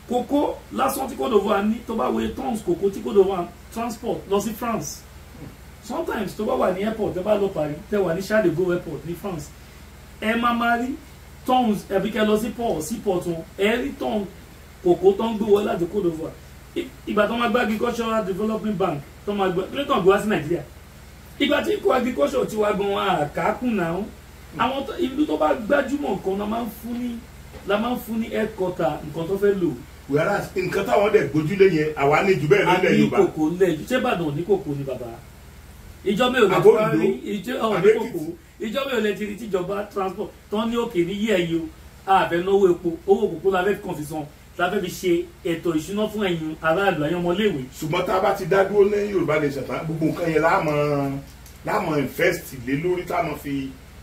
kókó lásán tí Côte d'Ivoire ní tó bá wòye tons kókó tí Côte d'Ivoire transport lọ sí France hmm. sometimes tó bá wà ní airport tẹ́ bá lọ Paris tẹ́ wà ní Charles de Gaulle airport ní France ẹ máa máa rí tons ẹbí kẹ lọ sí port sí port wọn ẹ̀rí tọ́n kòkó tó ń gbé wọlé láti Côte d'Ivoire ìgbà tó máa gba agricultural development bank tó máa gba kílẹ̀ tó ń gbé wá sí Nàìjíríà ìgbà tí kò agriculture ti wá gan àkákùn náà àwọn ìlú tó bá gbajúmọ̀ kan la máa ń fún ní la máa ń fún ní ẹ̀kọ́ta nǹkan tó fẹ́ lò whereas nǹkan táwọn dẹ̀ gbójúlé yẹn àwa ní jù bẹ́ẹ̀ lọ́lẹ̀ yorùbá. a ní kòkó ńlẹ̀ ṣé ìbàdàn ní kòkó ni bàbá ìjọba ò ní kòkó àbí ọ̀hún kòkó ìjọba ò lè ti rí tíjọba transport tán ní òkè ní yí ẹ̀yìn o àfẹ́ náwó epo owó òkùnkùn la fẹ́ kàn fi san la fẹ́ fi ṣe ètò ìṣúná fún ẹ̀yin aráàlú ẹ̀yin ọmọléèwé. ṣùgbọ́n tá a bá ti dá dúró ní Yorùbá lè ṣàtàn gbogbo nǹkan yẹn láàmọ̀ láàmọ̀ invest lé lórí táwọn fi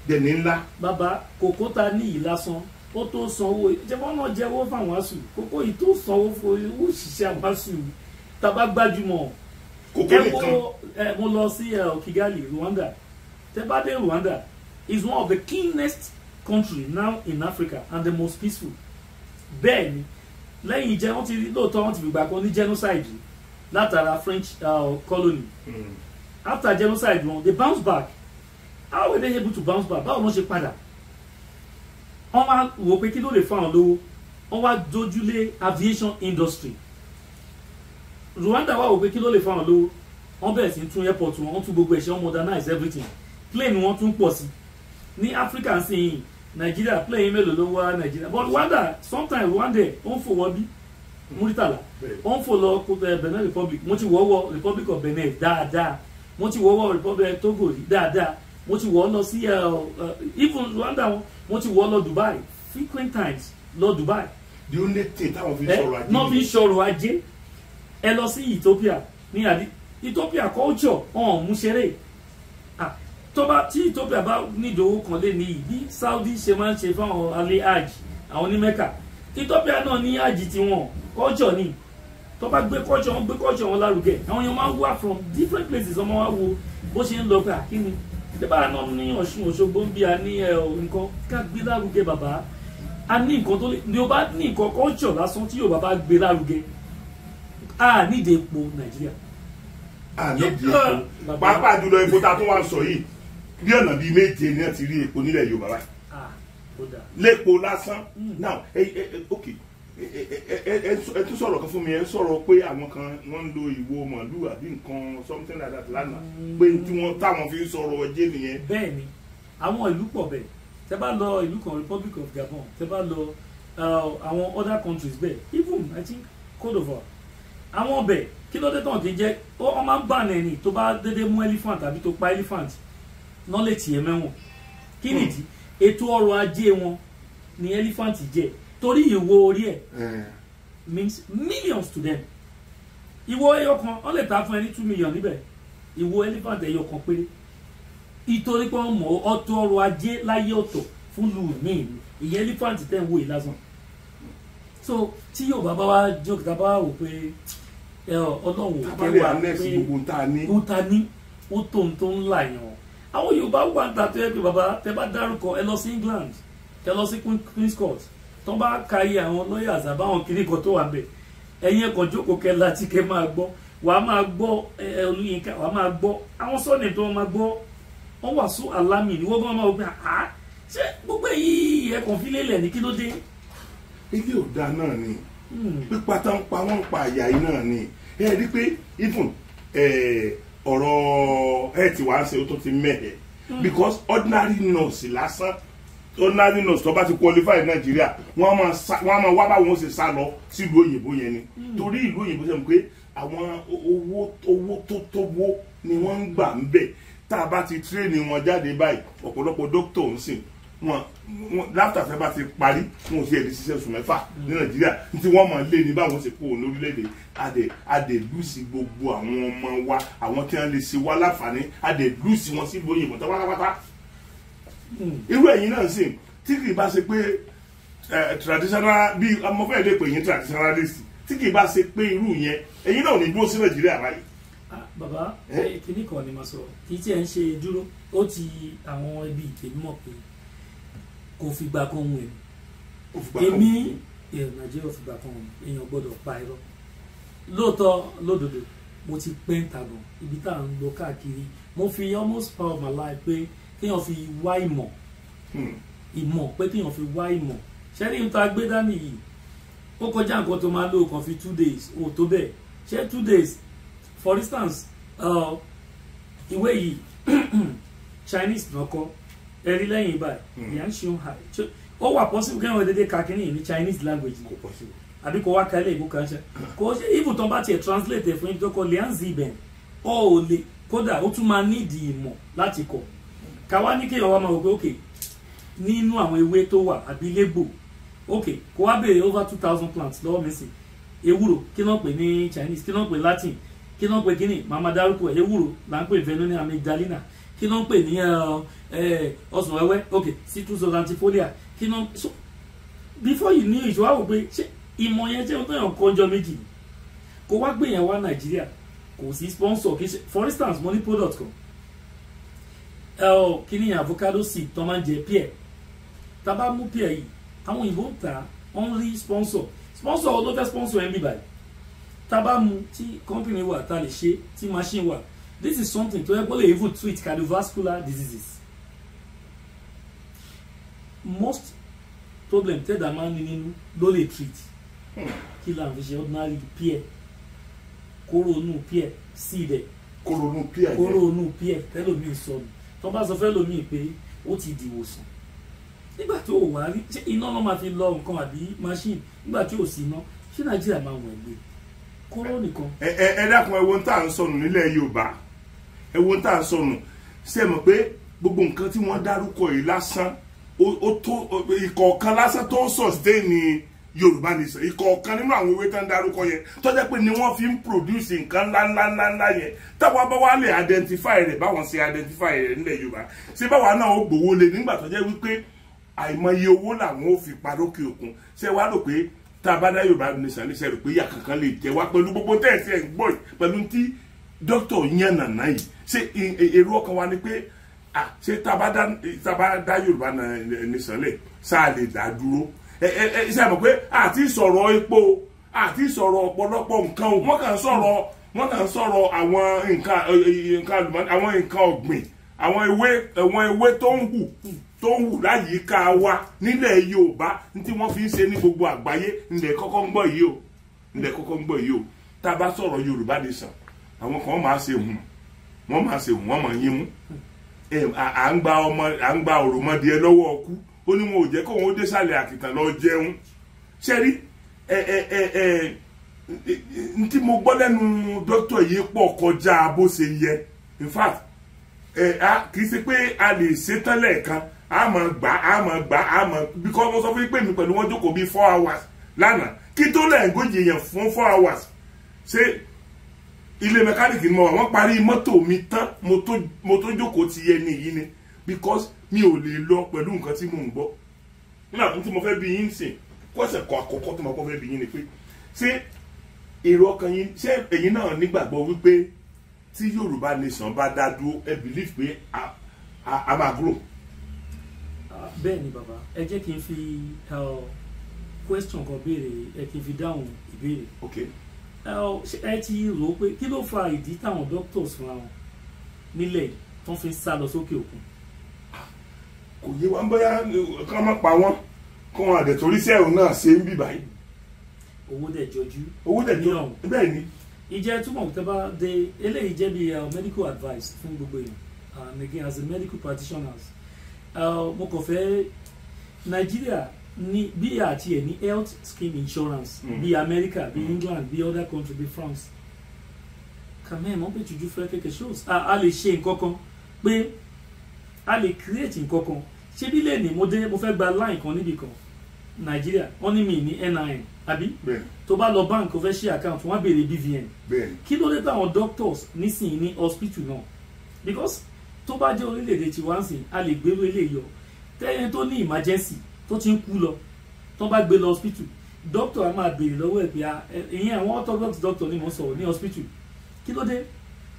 dẹ̀ni ńlá. bàbá kòkó ta ní yìí lásán ó tó sanwó ìjẹ́wọ́ náà jẹ́wọ́ fáwọn àṣù kókó yìí tó sanwó fún òṣìṣẹ́ àwọn àṣù tá gbájúmọ̀ kókó nìkan mo lọ sí Kigali Rwanda tẹ bá dé Rwanda is one of the cleanest countries now in Africa and the most peaceful Then, ni lẹ́yìn jẹ́ wọ́n ti lóòótọ́ wọ́n ti fìgbà kan ní genocide látara French uh, colony mm. after genocide wọn they bounce back how were they able to bounce back báwo wọ́n ṣe padà wọ́n wá wò pé kí ló lè fáwọn lówó wọ́n wá dojúlé aviation industry Rwanda wá wò pé kí ló lè fáwọn lówó wọ́n bẹ̀rẹ̀ sí tún airport wọn wọ́n tún gbogbo ẹ̀ṣẹ̀ wọ́n modernize everything plane wọn tún pọ̀ sí i ní áfíríkà ń sìn yìí nàìjíríà plẹ̀yìn mélòó ló wá nàìjíríà but wanda sometimes one day ó ń fò wọ́ bí múrítàlá hmm. ó ń fò lọ benin republic mo ti wọ́ wọ republic of benin dáadáa mo ti wọ́ wọ republic of togo rí dáadáa mo ti wọ́ lọ sí uh, uh, even rwanda wọn mo ti wọ́ lọ dubai frequent times lọ dubai. the only thing táwọn fi sọ̀rọ̀ eh, ajé. náà fi sọ̀rọ̀ ajé ẹ lọ sí ethiopia ní àdí ethiopia culture ọ̀hún mú ṣeré tó bá tí Ethiopia bá nídòwó kan lé ní ìbí Saudi ṣe máa ń ṣe fáwọn alẹ́ hajj àwọn ní Mẹ́kà Ethiopia náà ní hajj tiwọn culture ni tó bá gbé culture wọn gbé culture wọn lárugẹ àwọn èèyàn máa wá from different places ọmọ wa wo bó ṣe ń lọ pé àkíní débà náà ní Ọ̀ṣun Òṣogbo ń bí a ní nǹkan ká gbé lárugẹ bàbá a ní nǹkan tó lé ní o bá ní nǹkan culture lásán tí Yorùbá bá gbé lárugẹ a nídìí epo Nàìjíríà. a nídìí epo pàápàá jùlọ epo tá a tún sọ yìí bí ọ̀nà bíi méje ni wọ́n ti rí epo nílẹ̀ Yorùbá báyìí lépo lásán now ẹ ẹ ok ẹ tún sọ̀rọ̀ kan fún mi ẹ sọ̀rọ̀ pé àwọn kan wọ́n ń lo ìwo màálù àbí nǹkan something like that lánàá pé tí wọ́n táwọn fi ń sọ̀rọ̀ ọjẹ́ nìyẹn. bẹ́ẹ̀ni àwọn ìlú pọ̀ bẹ́ẹ̀ tẹ́ bá lọ ìlú kan Republic of Gabon tẹ́ bá lọ uh, àwọn other countries bẹ́ẹ̀ even I think Côte d'Ivoire àwọn ọbẹ̀ kí ló dé tán kì í jẹ́ ọ máa ń bà nẹ́ni tó bá dédé mú elephant àbí tó pa elephant knowledge yẹn mẹ́wọ̀n kí nìdí hmm. ètò ọrọ̀ ajé wọn ni elephant jẹ torí ìwo orí ẹ̀ eh. means millions to them ìwo ẹyọkan wọ́n lè ta fún ẹ two million níbẹ̀ ìwo elephant ẹyọkan péré ìtorí pé wọ́n mọ̀ ọ̀tọ̀ ọrọ̀ ajé láyé ọ̀tọ̀ fún lùú míì ìyẹn elephant tẹ̀ ń wò yìí lásán so tí yóò bá bá wá jókè tá a bá wò pé ọlọ́wọ̀ kẹwàá pé òun ta ní ó tó ń tó ń là yàn àwọn yorùbá wà ń tàtọ́ ẹ pé bàbá tẹ bá dárúkọ ẹ lọ sí england ẹ lọ sí queen's court tó bá ka iye àwọn lawyers àbáwọn kiri kan tó wà bẹ̀ ẹ̀yin ẹ̀kan jókòó kẹ láti kẹ máa gbọ́ wà á máa gbọ́ ẹ olùyìnká wà á máa gbọ́ àwọn sọ́ọ̀nì tó máa gbọ́ wọ́n wà sún alámì ni wọ́n gbọ́n máa gbé àá ṣé gbogbo èyí ẹ̀kan fi lélẹ̀ ní kí ló dé. ilé ò náà ni hmm. pípa táwọn pa wọn pa àyà yìí náà ni ẹ rí pé even ọ̀rọ̀ health wa ń ṣe tó ti mẹ́ẹ̀ẹ́ hmm. because ordinary nurse lásán ordinary nurse tó bá ti qualify nàìjíríà wọ́n á máa wá báwọn ṣe sá lọ sílùú òyìnbó yẹn ni hmm. torí ìlú òyìnbó ṣe mọ̀ pé àwọn owó owó tó tówó ni wọ́n ń gbà ń bẹ̀ tá a bá ti tírèèni wọn jáde báyìí ọ̀pọ̀lọpọ̀ dókítà ń wọn láfta fẹ́ bá ti parí wọn ò sí ẹ̀dí ṣiṣẹ́ oṣù mẹ́fà ní nàìjíríà tí wọ́n máa lé ní báwọn ṣe kó o lórílẹ̀‐èdè adè adè lùsì gbogbo àwọn ọmọ wa àwọn tí wọ́n lè ṣe wá láǹfààní adè lùsì wọn sí lóyìnbó tán pátápátá irú ẹ̀yin náà sì tí kì í bá ṣe pé traditional bí ọmọ fẹ́ẹ́ lè pè yín traditionalist tí kì í bá ṣe pé irú yẹn ẹ̀yin náà ò ní dúró sí nàìjíríà báyìí ah, bàbá kìnnìkan ni màá sọ kì í tiẹ̀ ń ṣe dúró ó ti àwọn ẹbí ìtẹ̀mí pé kò fìgbà kan ohun èlò èmi nàìjíríà ò fìgbà kan ohun èèyàn gbọ́dọ̀ pa irọ́ lóòótọ́ lódodo mo ti pentagon ibi tá à ń lọ káàkiri mo fi almost part of my life pé kéèyàn fi wá ìmọ̀ hmm. ìmọ̀ pé kéèyàn fi wá ìmọ̀ ṣẹ́ni n ta gbé dání yìí ó kọjá nǹkan tó máa lò kàn fi two days ò tó bẹ́ẹ̀ ṣé two days for instance uh, ìwé yìí Chinese náà kọ́ ẹrí lẹ́yìn báyìí hmm. yà ń ṣeun ha ó wà possible kẹ́hìn ọ̀dẹ́dẹ́ ka kínní ní Chinese language ni àbí kò wá kálẹ̀ ìbò kan ṣe kò ṣe even tó ń bá tiẹ̀ translate fún ibi tó kọ lian zibẹ̀ ọ ò le kódà ó tún máa nídìí ìmọ̀ láti kọ káwa ní kéèyàn wá máa wò pé okay nínú àwọn ewé tó wà àbí légbò okay kò wá béèrè over two thousand plants lọ́wọ́ mi sí ewúro kí náà pè ní Chinese kí náà pè Latin kí náà pè Guinea Mama dárúkọ ewúro là ń pè Venona amygdalina kí ló ń pè ní eh, eh, ọsàn wẹ́wẹ́ ok citrus antifolia kí ló ń so before you knew it wá wò pé ṣé ìmọ̀ yẹn jẹ́ ọ̀tọ̀ yẹn kọjọ méjì ni kó wá gbé yẹn wá nàìjíríà kò sí sponsor kì í ṣe for instance mo ní product kan eh, kí ni avocado seed tó máa ń jẹ pear tá a bá mú pear yìí àwọn òyìnbó ń tà ó sponsor sponsor ló fẹ́ sponsor ẹ̀ ń bíbáyìí tá a bá mu tí company wà tá lè ṣe tí machine wà this is something to yẹ even treat cardiovascular diseases most problem tẹ́dà máa ń ní nínú ló lè treat hmm. kí là ń fi ṣe ordinary pear kóró inú pear seed ẹ̀ kóró inú pear kóró inú pear tẹ́lòmíì sọ nù tó bá sọ fẹ́lòmíì pé ó ti dìwòsàn nígbà tí ò wá rí ṣé iná ló máa fi lọ nǹkan àbí machine nígbà tí ò sí iná ṣé nàìjíríà máa wọ̀ ẹ́ gbé kóró nìkan. ẹ ẹ ẹ dákun ẹ wo ń tà ń sọnù nílẹ̀ yorùbá ẹ wo tá à ń sọnù ṣe mọ̀ pé gbogbo nǹkan tí wọ́n dárúkọ yìí lásán ó tó ìkọ̀ọ̀kan lásán tó ń sustain ní yorùbá nation ìkọ̀ọ̀kan nínú àwọn ewé tó ń dárúkọ yẹn tó jẹ́ pé ni wọ́n fi ń produce nǹkan ńláńláńlá yẹn táwa bá wá lè identify rẹ̀ báwọn ṣe identify rẹ̀ nílẹ̀ yorùbá ṣé báwa náà ó gbowó lé nígbà tó jẹ́ wípé àìmọye owó làwọn ò fi pa lókè òkun ṣé wàá rò pé tá a bá dá yorùbá nation lè ṣe rò pé ìyà kankan lè jẹ wá pẹ̀lú gbogbo tẹ̀sí ẹ̀ gbọ́ pẹ̀lú tí dókítà yẹn nànà yìí ṣé èrò ọkàn wa ni pé à ṣé tábà dá yorùbá nìṣànlẹ̀ sáà lè dá dúró ẹ ẹ ṣe àmọ̀ pé àti sọ̀rọ̀ epo àti sọ̀rọ̀ ọ̀pọ̀lọpọ̀ nǹkan wọ́n kàn sọ̀rọ̀ wọ́n kàn sọ̀rọ̀ àwọn nǹkan àwọn nǹkan ọ̀gbìn àwọn ewé àwọn ewé tó ń hù tó ń hù láyìíká wa nílẹ̀ yorùbá tí wọ́n fi ń ṣe ní gbogbo àgbáyé nílẹ̀ kọ́kọ́ ń gbọ́ yìí o nílẹ̀ kọ́kọ́ ń gbọ́ yìí o tá a bá sọ̀rọ̀ yorùbá nìṣàn àwọn kan máa ṣe hùn wọ́n máa ṣe hùn wọ́n máa yín mú à ń gba ọmọ à ń gba òròmọdìẹ lọ́wọ́ ọkú ó ní wọn ò jẹ́ kóun ó désàlẹ̀ àkìtàn lọ jẹun ṣẹ́rí ẹ ẹ ẹ ẹ ntí mo gbọ́ lẹ́nu dókítà yìí pọ̀ kọjá bó ṣe yẹ in fact ẹ a kì í ṣe pé a lè ṣetán lẹ́ẹ̀kan a máa gbà a máa gbà a máa because wọ́n sọ fún mi pé mi pẹ̀lú wọn jókòó bíi four hours lánàá kí tó lẹ́ẹ̀gójì èèyàn fún four hours ṣé ilé mẹkáníìkì ni mo wà wọ́n parí mọ́tò mi tán mo tó jókòó ti yẹ ní yìí ni because mi ò lè lọ pẹ̀lú nǹkan tí mò ń gbọ́ nígbà tí mo fẹ́ bí yín sìn kọ́sẹ̀ kọ́ àkọ́kọ́ tó máa kọ́ fẹ́ bí yín ni pé ṣé èrò ọkàn yín ṣé ẹ̀yin náà nígbàgbọ́ wípé tí Yorùbá nation bá dá dúró ẹ believe pé a máa grow. Ah, bẹ́ẹ̀ ni bàbá ẹ jẹ́ kí n fi uh, question kan béèrè ẹ kí n fi dáhùn ìbéèrè. okay ẹ ti rò ó pé kí ló fa ìdí táwọn doctors fúnra wọn nílẹ̀ tó fi ń sá lọ sókè òkun. kò yé wa ń bóyá ká má pa wọ́n kó wọn àdẹ̀ torí sí ẹ̀rù náà ṣe ń bì báyìí. owó dẹ̀ jọjú. owó dẹ̀ jọjú bẹ́ẹ̀ ni. ìjẹ́ túmọ̀ tẹ́ bá de eléyìí jẹ́ bí uh, medical advice fún gbogbo èèyàn as a medical practitioners uh, mo kàn fẹ́ Nàìjíríà ní bí àti ẹ̀ ní health scheme insurance mm. bí America bí mm. England bí other country bí France kàmẹ́ mọ́ pé tìjú fẹ́ kékeré shows a lè ṣe nǹkan kan pé a lè create nǹkan kan ṣé bí lè ní mo dé mo fẹ́ gba line kan níbì kan nàìjíríà wọ́n ní mi ní NIN àbí tó bá lọ bank fẹ́ ṣe account wọ́n á béèrè BVN kí ló dé pé àwọn doctors nísìnyí ní hospital náà because tó bá jẹ́ orílẹ̀-èdè tiwansi a lè gbèrú eléyìí ọ tẹ́yẹ tó ní emergency tó ti ń kú lọ tó bá gbé lọ hospital doctor a máa béèrè lọ́wọ́ ẹ̀ pé ah, ìyẹn àwọn orthodox doctor ni mò ń sọ̀rọ̀ ní hospital kí ló dé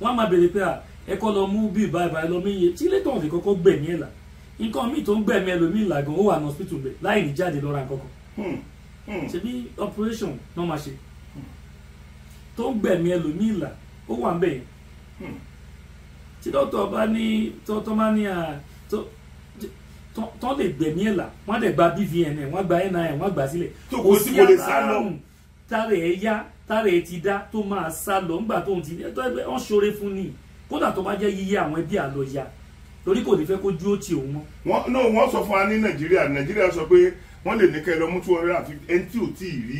wọ́n á máa béèrè pé ah, ẹ kọ́ lọ mú bíi báyìí báyìí lọ méye tí létọ̀ lè kọ́kọ́ gbẹ̀mí ẹ̀ là nǹkan míì tó ń gbẹ̀mí ẹlòmíì làgàn ó wà ní hospital bẹ̀ láì ní jáde lọ́ra nǹkan kan hmm, hmm. ṣebí operation náà máa ṣe hmm. tó ń gbẹ̀mí ẹlòmíì là ó wà ń bẹ̀ yẹn tí doctor bá ní tó tó bá ní ah, tán lè gbẹ̀mí ẹ̀là wọ́n dẹ̀ gba BVN ẹ̀ wọ́n gba NIN wọ́n gbà sílẹ̀ kò sí àrùn tààrẹ̀ ẹ̀ yá tààrẹ̀ ẹ̀ ti dá tó máa sá lọ ńgbà tó ń ti ní ẹ̀tọ́ ẹgbẹ́ wọ́n ṣoore fún ni kódà tó bá jẹ́ yíyá àwọn ẹbí àlọ́ ya torí kò ní fẹ́ kó dúró tì òun mọ́. wọn náà wọn sọ fún wa ní Nàìjíríà Nàìjíríà sọ pé wọn lè ní kẹ lọ mú two hundred and fifty ẹni tí ò tí ì rí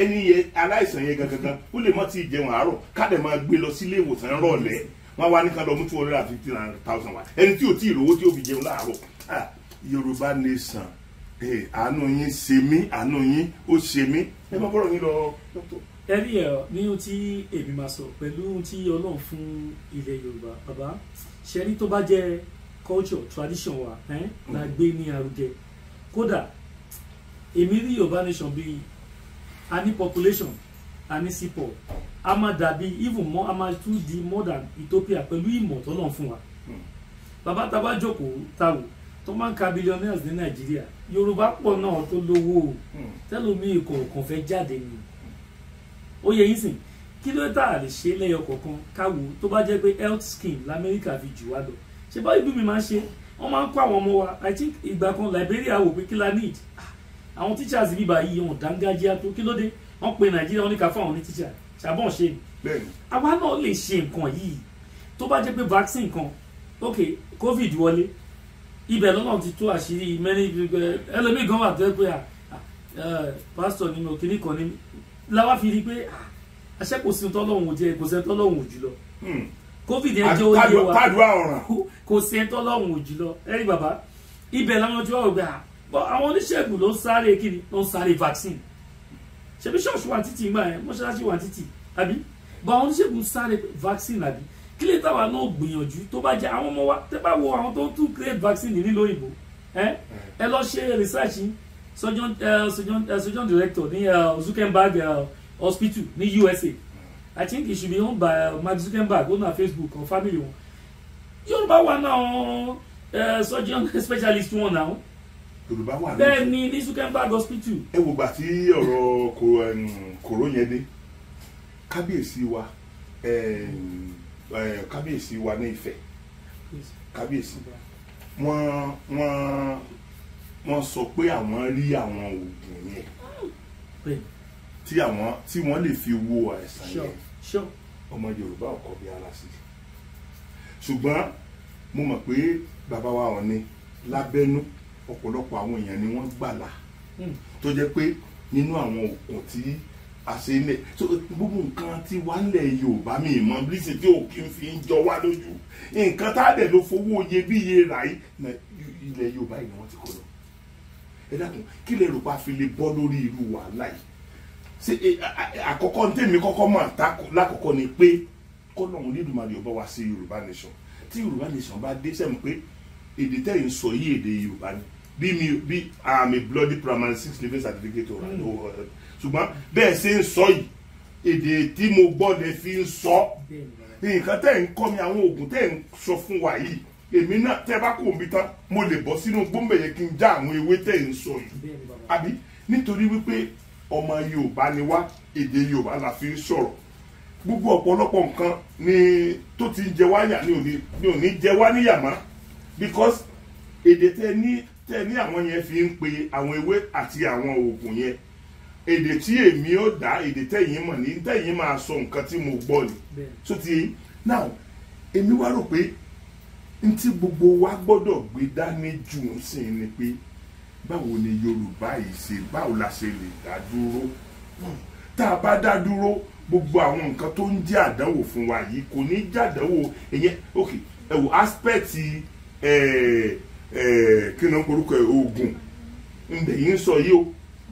ẹni yẹn aláìsàn yẹn gangan ó lè mọ tí ì jẹun àárọ̀ ká máa gbé lọ sílé ìwòsàn rọ̀lẹ́ wọn wá ní ká lọ mú two hundred and fifty thousand wa ẹni tí ò tí ì rówó tí ó fi jẹun láàárọ̀ ah, yorùbá nation àánú yín ṣe mí àánú yín ó ṣe mí ẹ má bọ́rọ̀ yín lọ dókítà. ẹ rí ẹ ní ohun tí èmi máa sọ pẹ̀lú ohun tí ọlọ́run fún ilẹ̀ yorùbá bàbá ṣẹ́ni tó bá jẹ́ culture tradition wa eh? mm. la gbé ní arugẹ kódà èmi rí yorùbá nation bíi a ní population a ní sípò a máa dàbí even more a máa tún di more than Ethiopia pẹ̀lú ìmọ̀ tọ́lọ̀ fún wa mm. bàbá tá a bá jókòó táwọn tó máa ń ka billionaires ní nàìjíríà yorùbá pọ̀ náà tó lówó o hmm. tẹ́lómìí kọ̀ọ̀kan fẹ́ jáde ni ó yẹ yín sìn kí ló tà lè ṣe lẹ́yọ kọ̀ọ̀kan káwo tó bá jẹ́ pé health scheme lamẹ́ríkà fi jù wá lọ ṣe bá ibi mi máa ń ṣe wọ́n máa ń kó àwọn ọmọ wa i think ìgbà kan liberia wò pé kí la need ah, àwọn teachers bíbá yìí wọn dángájíá tó kí ló dé wọ́n pe nàìjíríà wọ́n ní ká fún àwọn ní teacher ṣàbọ̀n ṣe ni àwa náà lè ṣe nǹkan yìí tó bá jẹ́ pé vaccine kan ok covid wọlé ibẹ̀ lọ́nà ti tú àṣírí mẹ́rin ẹlòmíì gan wà tó ẹ pé pásítọ̀ nínú kínní kan ní láwa fi rí pé àṣẹ kò sí tọ́lọ́hún ò jẹ kò sí tọ́lọ́hún ò jùlọ hmm. covid yẹn jẹ́ oyè wa kò sí tọ́lọ́hún ò jùlọ ẹ̀rí bàbá ibẹ̀ làwọn tí wọ́n gbà àwọn oníṣègùn ló ń sáré kiri ló ń sáré vaccine ṣebí ṣọ́ọ̀ṣì wà títì gbà yẹn mọ́ṣáláṣí wà títì àbí bọ́ àwọn oníṣègùn sáré vaccine àbí kí lè táwa náà gbìyànjú tó bá jẹ àwọn ọmọ wa tẹ bá wo àwọn tó ń tún create vaccine nílò òyìnbó ẹ lọ ṣe research surgeon surgeon surgeon director ní Zuckerberg hospital ní USA I think it should be owned by uh, Mark Zuckerberg owner Facebook or family wọn Yorùbá wà náà surgeon specialist wọn náà yorùbá wà lóṣù. bẹ́ẹ̀ ni ní Zuckerberg hospital. ẹ wò gbà tí ọ̀rọ̀ kòró yẹn dé kábíyèsí wa Eh, kábíyèsí wa ní Ifẹ̀ kábíyèsí wọ́n wọ́n wọ́n sọ pé àwọn rí àwọn oògùn yẹn tí àwọn tí wọ́n lè fi wo àìsàn yẹn ọmọ Yorùbá ò kọbi ara sí ṣùgbọ́n mo mọ̀ pé bàbá wa Ọọ̀ni lábẹ́nú ọ̀pọ̀lọpọ̀ àwọn èèyàn ni wọ́n gbàlà hmm. tó jẹ́ pé nínú àwọn oògùn tí àṣeélẹ̀ so gbogbo nǹkan ti wá nílẹ̀ yorùbá mi ìmọ̀ bírísì tí òkè ń fi ń jọ wá lójú nǹkan tá a dẹ̀ ló fowó iye bí iye rà yìí ilẹ̀ yorùbá yìí ni wọ́n ti kó lọ ẹ dákun kí lè rò pa fi lè bọ́ lórí irú wàhálà yìí ṣe àkọ́kọ́ ntẹ́mi kọ́kọ́ mọ̀ lákọ̀ọ́kọ́ ni pé kọ́lọ́hún Olódùmarè ó bá wa sí yorùbá nation tí yorùbá nation bá dé sẹ́mi pé èdè tẹ̀yìn sọ yí èdè yorùbá ni bí mi bí àmì bloody primary six living certificate ọ̀rọ̀ ṣùgbọ́n bẹ́ẹ̀ ṣe ń sọ yìí èdè tí mo gbọ́ lẹ fi ń sọ nǹkan tẹ́ ń kọ́ mi àwọn oògùn tẹ́ ń sọ fún wa yìí èmi náà tẹ́ bá kò mí tán mo lè bọ́ sínú gbọ́mbẹ̀yẹ kí n já àwọn ewé tẹ́ ń sọ yìí àbí nítorí wípé ọmọ Yorùbá ni wá èdè Yorùbá la fi ń sọ̀rọ̀ gbogbo ọ̀pọ̀lọpọ̀ nǹkan ni tó ti jẹ wá yà ni ò ní jẹ wá níyà mọ́ because èdè tẹ ní tẹ ní àwọn yẹn fi ń pe àwọn ewé àti àwọn oògùn yẹn èdè tí èmi ó dá èdè tẹ̀yìn mọ̀ ní tẹ̀yìn máa sọ nǹkan tí mo gbọ́ ni so ti now èmi wá rò pé n tí gbogbo wa gbọ́dọ̀ gbé dání jù ú sí ni pé báwo ni Yorùbá yìí ṣe báwo la ṣe lè dá dúró hmm. tá a bá dá dúró gbogbo àwọn nǹkan tó ń jẹ́ àdánwò fún wa yìí kò ní jẹ́ àdánwò ìyẹn ok ẹ wò aspect ẹ eh, eh, kí ni orúkọ oògùn ǹdẹ̀ yìí ń sọ yìí o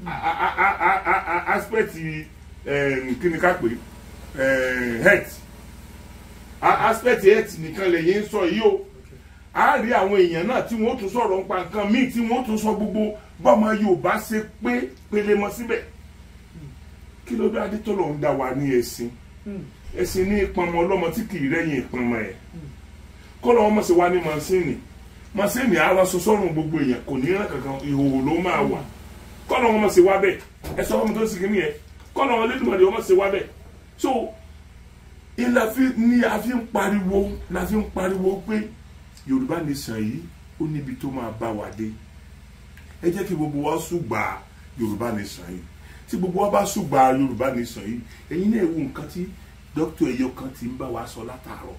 aspect um, kí ni ká pè um, health aspect health nìkan lẹ́yìn ń sọ yìí o a rí àwọn èèyàn náà tí wọ́n tún sọ̀rọ̀ nípa nǹkan míì tí wọ́n tún sọ gbogbo bọ́mọ Yorùbá ṣe pé pele mọ́ síbẹ̀ kí ló dé tó ń dá wa ní ẹ̀sìn hmm. ẹ̀sìn ní ìpamọ́ ọlọ́mọ tí kì í rẹ́yìn ìpamọ́ ẹ̀ kó lọ́wọ́ mọ̀ sí wa ní mọ̀síìnì mọ̀síìnì aránṣọ sọ́run gbogbo èèyàn kò ní rán kankan ìhòòhò ló máa wà kọ́nà wọn mọ̀ sí wá bẹ́ẹ̀ ẹ sọ fún tó sì kíní yẹn kọ́nà wọn lẹ́dùnmọ̀dé wọn mọ̀ sí wá bẹ́ẹ̀ so ilà fi ni a fi ń pariwo la fi ń pariwo pé Yorùbá nation yìí ó níbi tó máa bá wa dé ẹ jẹ́ kí gbogbo wa ṣùgbà Yorùbá nation yìí tí gbogbo wa bá ṣùgbà Yorùbá nation yìí ẹ̀yin náà ewu nǹkan tí dókítà ẹ̀yọ kan ti ń bá wa sọ látàárọ̀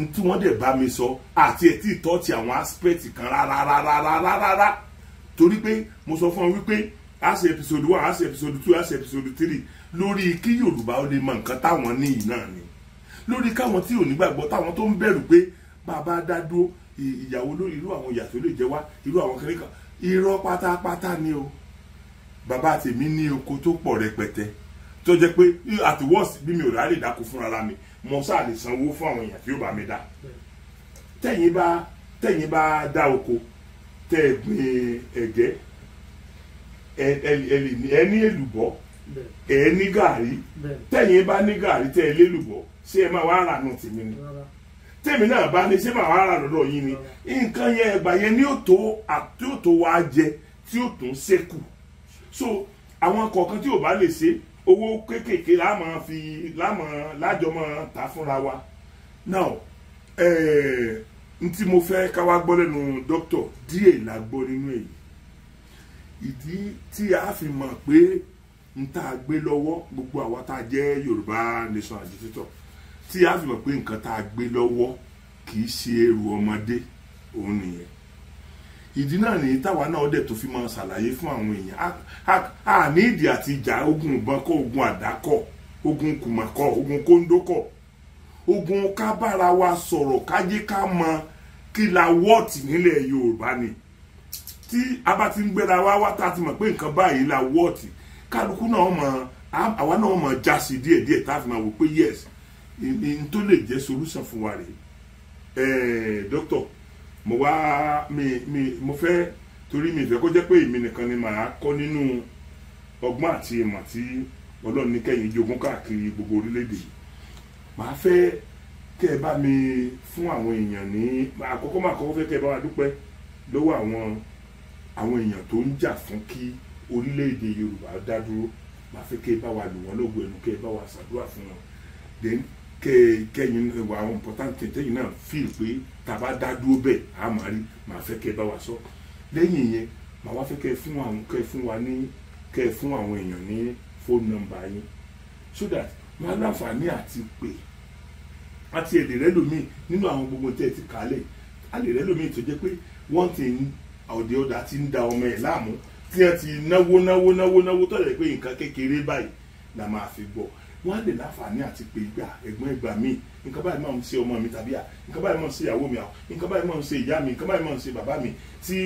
ntí wọ́n dẹ̀ bá mi sọ àti ẹ̀ tí ì tọ́ọ̀tì àwọn aspect kan rárá rárá rárá rárá torí pé mo sọ fún ọ wípé a ṣe episode one a ṣe episode two a ṣe episode three lórí kí yorùbá ó lè mọ nǹkan táwọn ní yìí náà ni lórí káwọn tí ò nígbàgbọ́ táwọn tó ń bẹ̀rù pé bàbá dá dúró ìyàwó lórí irú àwọn ìyà lè jẹ wá irú àwọn kiri kan irọ́ pátápátá ni o bàbá tèmi ní oko tó pọ̀ rẹpẹtẹ tó jẹ́ pé at worst bí mi ò rà lè dáko fúnra mi mo sáà lè sanwó fún àwọn èèyàn tí ó bá mi dá tẹ̀yìn bá tẹ̀yìn bá dá oko tẹ́ ẹ gbin ẹ̀gẹ́ ẹ ní èlùbọ́ ẹ ní gàrí tẹ́yìn bá ní gàrí tẹ́ ẹ lélùbọ́ ṣé ẹ máa wá rà nù tèmi ni tèmi náà bá ní ṣé máa wá rà lọ́dọ̀ yín ni nǹkan yẹn ẹgbà yẹn ní òtó àti òtó wa jẹ tí ó tún ṣẹ́kù so àwọn kọ̀ọ̀kan tí ò bá lè ṣe owó kéékèèké la fi lájọ máa ta fúnra wa now. Eh, n tí mo fẹ́ ká wá gbọ́ lẹ́nu dókítọ̀ díẹ̀ la gbọ́ nínú èyí ìdí tí a fi mọ̀ pé n tá a gbé lọ́wọ́ gbogbo àwa tá a jẹ́ Yorùbá Nation Agitator tí a fi mọ̀ pé nǹkan tá a gbé lọ́wọ́ kì í ṣe ẹrù ọmọdé òun nìyẹn ìdí náà ní táwa náà dẹ̀ tó fi máa ṣàlàyé fún àwọn èèyàn a ní ìdí àti ìjà ogun ìbọn kọ́ ogun àdá kọ́ ogun kùmà kọ́ ogun kóńdó kọ́ ogun ká bára wa sọ̀rọ̀ kájí ká mọ kí la wọ́ọ̀tì nílẹ̀ yorùbá ni tí a bá ti ń gbéra wá wá tá a ti mọ̀ pé nǹkan báyìí la wọ́ọ̀tì kálukú náà mọ̀ àwa náà mọ̀ jásí díẹ̀díẹ̀ tá a fi máa wò pé yes n tó lè jẹ́ solution fún wa rèé ẹ̀ẹ́ doctor mo wá mi mi mo fẹ́ torí mi ìfẹ́ kó jẹ́ pé èmi nìkan ni màá kọ́ nínú ọgbọ́n àti ìmọ̀ tí ọlọ́run ní kẹ́yìn jogún káàkiri gbogbo orílẹ̀-èdè yìí màá fẹ́ kẹ́ ẹ bá mi fún àwọn èèyàn ní àkọ́kọ́ máa kọ́kọ́ fẹ́ kẹ́ ẹ bá wa dúpẹ́ lọ́wọ́ àwọn àwọn èèyàn tó ń jà fún kí orílẹ̀-èdè Yorùbá dá dúró màá fẹ́ kẹ́ ẹ bá wa lù wọ́n lógo ẹnu kẹ́ ẹ bá wa ṣàdúrà fún wọn then kẹ́ kẹ́yìn wà àwọn important kẹ́yìn náà feel pé tàbá dá dúró bẹ́ẹ̀ á máa rí màá fẹ́ kẹ́ ẹ bá wa sọ lẹ́yìn yẹn màá wá fẹ́ kẹ́ fún àwọn kẹ́ fún wa ní kẹ́ fún àwọn èèyàn ní phone number yín so that wọ́n á láǹfààní àti pè é àti èdè rẹ lómi nínú àwọn gbogbo tẹ́ ẹ ti kálẹ̀ àlè rẹ lómi tó jẹ́ pé wọ́n ti ń òde ọ̀dà ti ń da ọmọ ẹ̀ láàmú tí wọ́n ti náwó náwó náwó náwó tó lè pé nǹkan kékeré báyìí la máa fi gbọ́ wọ́n á lè láǹfààní àti pé ìgbà ẹ̀gbọ́n ìgbà mi nǹkan báyìí máa ń ṣe ọmọ mi tàbí à nǹkan báyìí máa ń ṣe ìyàwó mi à nǹkan báyìí máa ń ṣe ìyá mi nǹkan báyìí máa ń ṣe bàbá mi tí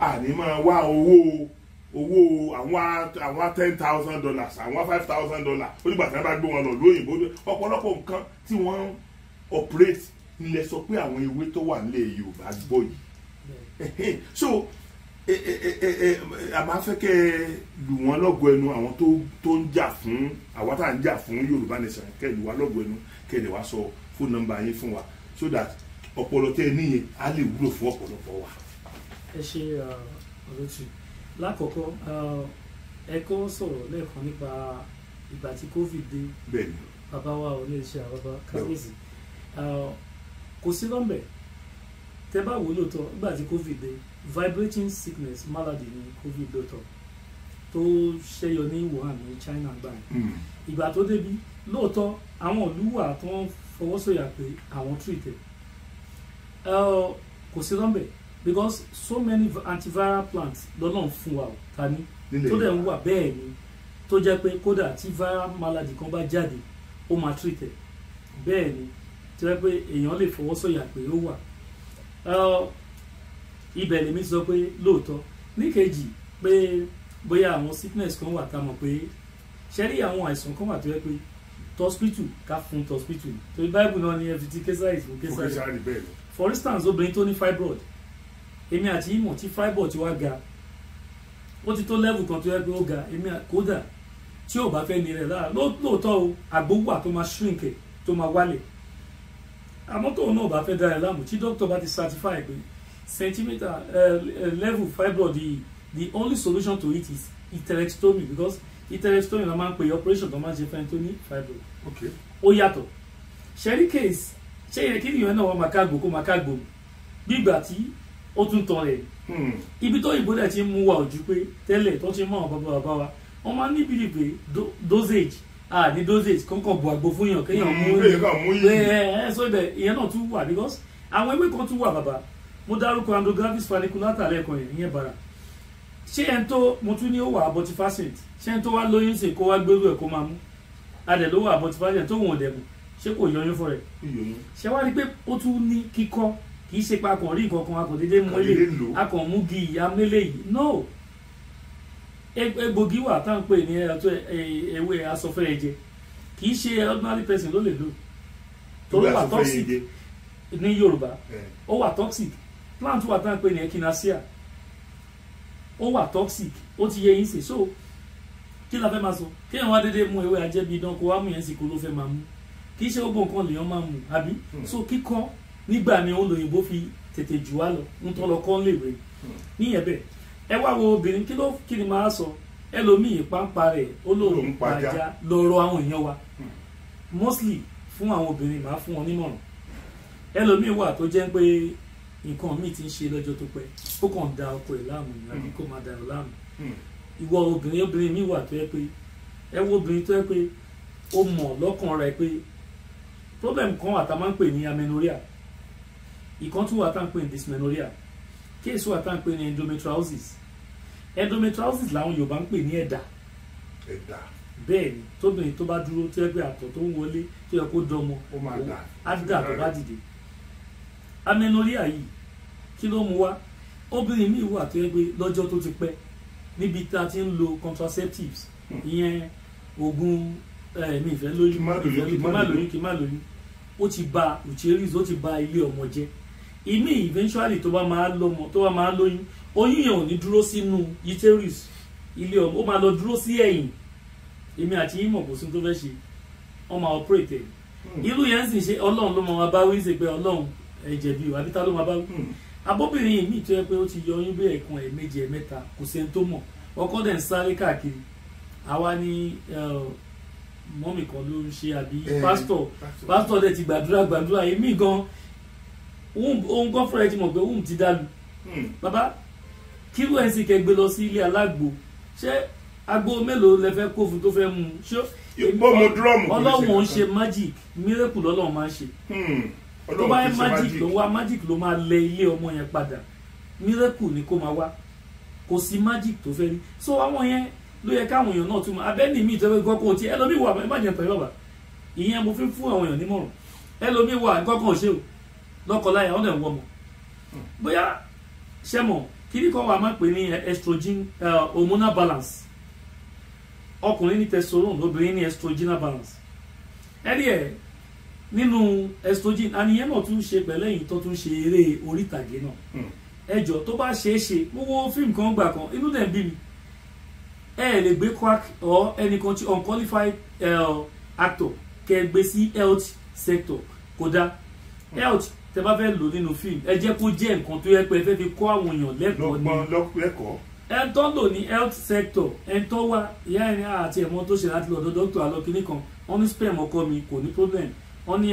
a máa wá owó owó àwọn àwọn ten thousand dollars àwọn five thousand dollars onígbà tí wọ́n bá gbé wọn lọ lóyìnbó ọ̀pọ̀lọpọ̀ nǹkan tí wọ́n operate nílẹ̀ sọ pé àwọn ewé tó wà nílẹ̀ Yorùbá gbọ́ yìí so e- e- e- a máa fẹ́ kẹ́ ẹ lù wọ́n lọ́gọ̀ ẹnu àwọn tó ń jà fún àwa tá à ń jà fún Yorùbá nìsan kẹ́ ẹ lù wá lọ́gọ̀ ẹnu kẹ́ ẹ lè wá sọ fóònù nọ́mbà yín fún wa so that ọpọlọ tẹ́ ẹ níyẹn á lè wúlò fún ọ̀pọ̀lọpọ̀ wa. ẹ ṣe ọ̀rọ̀ uh, tí lákọ̀ọ́kọ́ eh, ẹ kọ́ sọ̀rọ̀ lẹ́ẹ̀kan nípa ìgbà tí covid dé bàbá wa ò lè ṣe àbábá kábíyèsí eh, kò sí lọ́mbẹ̀ tẹ bá wò lóòótọ́ nígbà tí covid dé vibrating sickness malady ni covid lóòótọ́ tó ṣẹyọ ní Wuhan ní China gbà yẹn hmm. ìgbà tó débi lóòótọ́ àwọn olúwa tó ń fọwọ́sọ̀yà pé àwọn treat ẹ̀ eh, kò sí lọ́mbẹ̀ because so many antiviral plants lọ́nà fún wa ta ní tó dẹ̀ ń wà bẹ́ẹ̀ ni tó jẹ́ pé kódà tí viral malady kan bá jáde ó máa treat ẹ̀ bẹ́ẹ̀ ni tó jẹ́ pé èèyàn lè fọwọ́ sọ̀yà pé ó wà ibẹ̀ lèmi sọ pé lóòótọ́ níkejì pé bóyá àwọn sickness kan wà tá a mọ̀ pé ṣẹ́rí àwọn àìsàn kan wà tó yẹ pé tọ́sítù ká fún tọ́sítù torí báìbù náà ní ẹ fi ti késàrì fún késàrì for instance obìnrin tó ní fibroid èmi àti Imo tí Freiburg ti wá ga ó ti tó level kan tó yẹ pé ó ga èmi kódà tí ò bá fẹ́ ní rẹ̀ lára lóòótọ́ o àgbówà tó máa shrink tó máa wálẹ̀ àmọ́ tóun náà bá fẹ́ dá ẹ láàmú tí dókítà bá ti certify pé centimetre eh, eh, level fibroid yìí the only solution to it is hysterectomy because hysterectomy la máa ń pè operation tó máa ń ṣe fẹ́ tó ní fibroid. okay ó yàtọ̀ sherry case ṣé yẹ kí nìyẹn náà wọ́n máa kágbó kó máa kágbó gbígbà tí ó tún tàn rẹ̀ hmm. ibi tó ìbò dẹ̀ ti mú wa ojú pé tẹ́lẹ̀ tó ti mọ àwọn bàbá bàbá wa wọ́n máa ní bìrì dosage ah ní dosage kankan bu àgbo fún yàn kéèyàn mú ẹ hmm, eh, eh, eh, so ibẹ̀ ìyẹn náà tún wà because àwọn ewé kan tún wà bàbá mo dárúkọ andrographis funiculata lẹ́ẹ̀kan yẹn ìyẹn bara ṣé ẹni tó mo tún ní ó wà abortifacient ṣé ẹni tó wá lóyún sí kó wá gbérú ẹ̀ kó máa mú adẹ̀ ló wà abortifacient tó wọ̀n dẹ̀ mu ṣé kò yọyún fún rẹ̀ ṣé wá rí i pé ó tún ní kíkọ́ kì í ṣe pa akọ̀ rí nǹkan kan akọ̀ déédéé mú ilé akọ̀ mú gi ìyá mélé yìí no e, egbògi wà tá à ń pè ní ewé asọ̀fẹ́ ẹ̀jẹ̀ kì í ṣe ordinary person ló lè lò torí wà toxic ní Yorùbá ó wà toxic plant wà tá à ń pè ní echinacea ó wà toxic ó ti yẹ yín sè so kí la fẹ́ máa sọ kéèyàn wá déédéé mú ewé ajẹ́bí dán kó wá mú yẹn sì kó ló fẹ́ máa mú kì í ṣe gbogbo nǹkan lèèyàn máa mú àbí hmm. so kíkọ́ nígbà mi òun lòyìnbó fi tètè jù wá lọ ń tọ́ lọ kọ́ ń léwe níyẹn bẹ́ẹ̀ ẹ wá wo obìnrin kí ló kí ni máa sọ ẹlòmíì pàǹpà rẹ̀ ó lòun pàjá lọ́rọ̀ àwọn èèyàn wa hmm. mostly fún àwọn obìnrin màá fún wọn nímọ̀ràn ẹlòmíì wà tó jẹ́ pé nǹkan míì ti ń ṣe lọ́jọ́ tó pẹ́ ó kàn da ọkọ ẹ̀ láàmú ni àbí hmm. kò máa da ẹ̀ láàmú hmm. ìwọ obìnrin obìnrin míì wà tó yẹ pé ẹ wo obìnrin tó yẹ pé ó mọ̀ lọ́kàn rẹ̀ pé problem kan àtàwọn máa ń pè ní amenorrhea ìkan tún wà tá à ń pè wà tá ní endometriosis endometriosis làwọn Yorùbá ń pè ní ẹ̀dà ẹ̀dà bẹ́ẹ̀ ni tóbìnrin tó bá dúró tó yẹ pé àtọ̀ tó ń wọlé tó yẹ kó dọmọ á dà tó bá dìde amenorrhea yìí kí ló mú wá obìnrin míì wà tó yẹ pé lọ́jọ́ tó ti pẹ́ níbi tá a ti ń lo contraceptives ìyẹn oògùn mi ìfẹ́ lóyún kí má lóyún kí má lóyún ó ti ba uterus ó ti ba ilé ọmọ jẹ́ ìmí eventually tó bá máa lọ́mọ tó bá máa lóyún oyún yẹn ò ní dúró sínú uterus ilé ọmọ ó máa lọ dúró sí ẹ̀yìn èmi àti yín mọ̀ kò sí tó fẹ́ ṣe wọ́n máa operate ẹ̀ hmm. irú yẹn sì ṣe ọlọ́run ló máa bá wíṣẹ̀ pé ọlọ́run ẹ̀jẹ̀ bíi àbí ta ló máa bá wí. Hmm. abóbìnrin míì tó yẹ pé ó ti yọ oyún bí ẹ̀kan ẹ̀ méje ẹ̀ mẹ́ta kò sẹ́ni tó mọ̀ ọkọ dẹ̀ ń sáré káàkiri àwa ni mọ́mì kan ló ń ṣe àbí pásítọ̀ eh, pásítọ̀ dẹ̀ ti gbàdúrà gbàdúrà èmi gan-an òun gan fúnra ẹ ti mọ̀ pé òun ti dálu hmm. bàbá kí ló ẹ̀ sì kẹ́ gbé lọ sí ilé alágbo ṣé agbo mélòó lẹ fẹ́ kó fún tó fẹ́ mu ṣó ọlọ́run ń ṣe magic miracle lọ́lọ́run máa ń ṣe hmm. tó bá yẹ magic ló wá magic ló máa lẹ ilé ọmọ yẹn padà miracle ni kó máa wá kò sí magic tó fẹ́ rí so àwọn yẹn ló yẹ káwọn èèyàn náà túmọ̀ abẹ́ni mi ìtọ́wé kọ́kọ́ ti ẹlòmíì wà ẹ má jẹun pẹ̀lú ọ̀bà ìyẹn mo fi fún àwọn èèyàn nímọ̀ràn ẹlòmíì wà kọ́kọ́ ṣe o lọ́kọláya ọ̀dọ̀ ń wọ́mọ hmm. bóyá sẹ́mọ̀ kíní kan wà á máa pè ní eh, estrogen eh, hormonal balance ọkùnrin ní testosterone obìnrin ní estrogen balance ẹ̀rí ẹ̀ nínú estrogen àníyàn náà tún ṣe pẹ̀lẹ́yìn tó tún ṣe eré orí ìtàgé náà hmm. ẹjọ́ tó bá ṣeé ṣe mo wo fíìmù kan gbà kan inú dẹ̀ ń bí mi ẹ lè gbé quack or ẹnìkan tí unqualified uh, actor kẹ gbé sí health sector kódà hmm. health tẹ bá fẹ́ lò nínú fíìmù ẹ jẹ́ kó jẹ́ nǹkan tó yẹ pé ẹ fẹ́ fi kọ́ àwọn èèyàn lẹ́kọ̀ọ́ ni ẹ tó ń lò ní health sector ẹ tó wá ìyá ẹni àti ẹ̀mọ́ tó ṣe láti lọ́dọ̀ dókítà àlọ́ kínní kan wọ́n ní sperm ọkọ mi kò ní problem wọ́n ní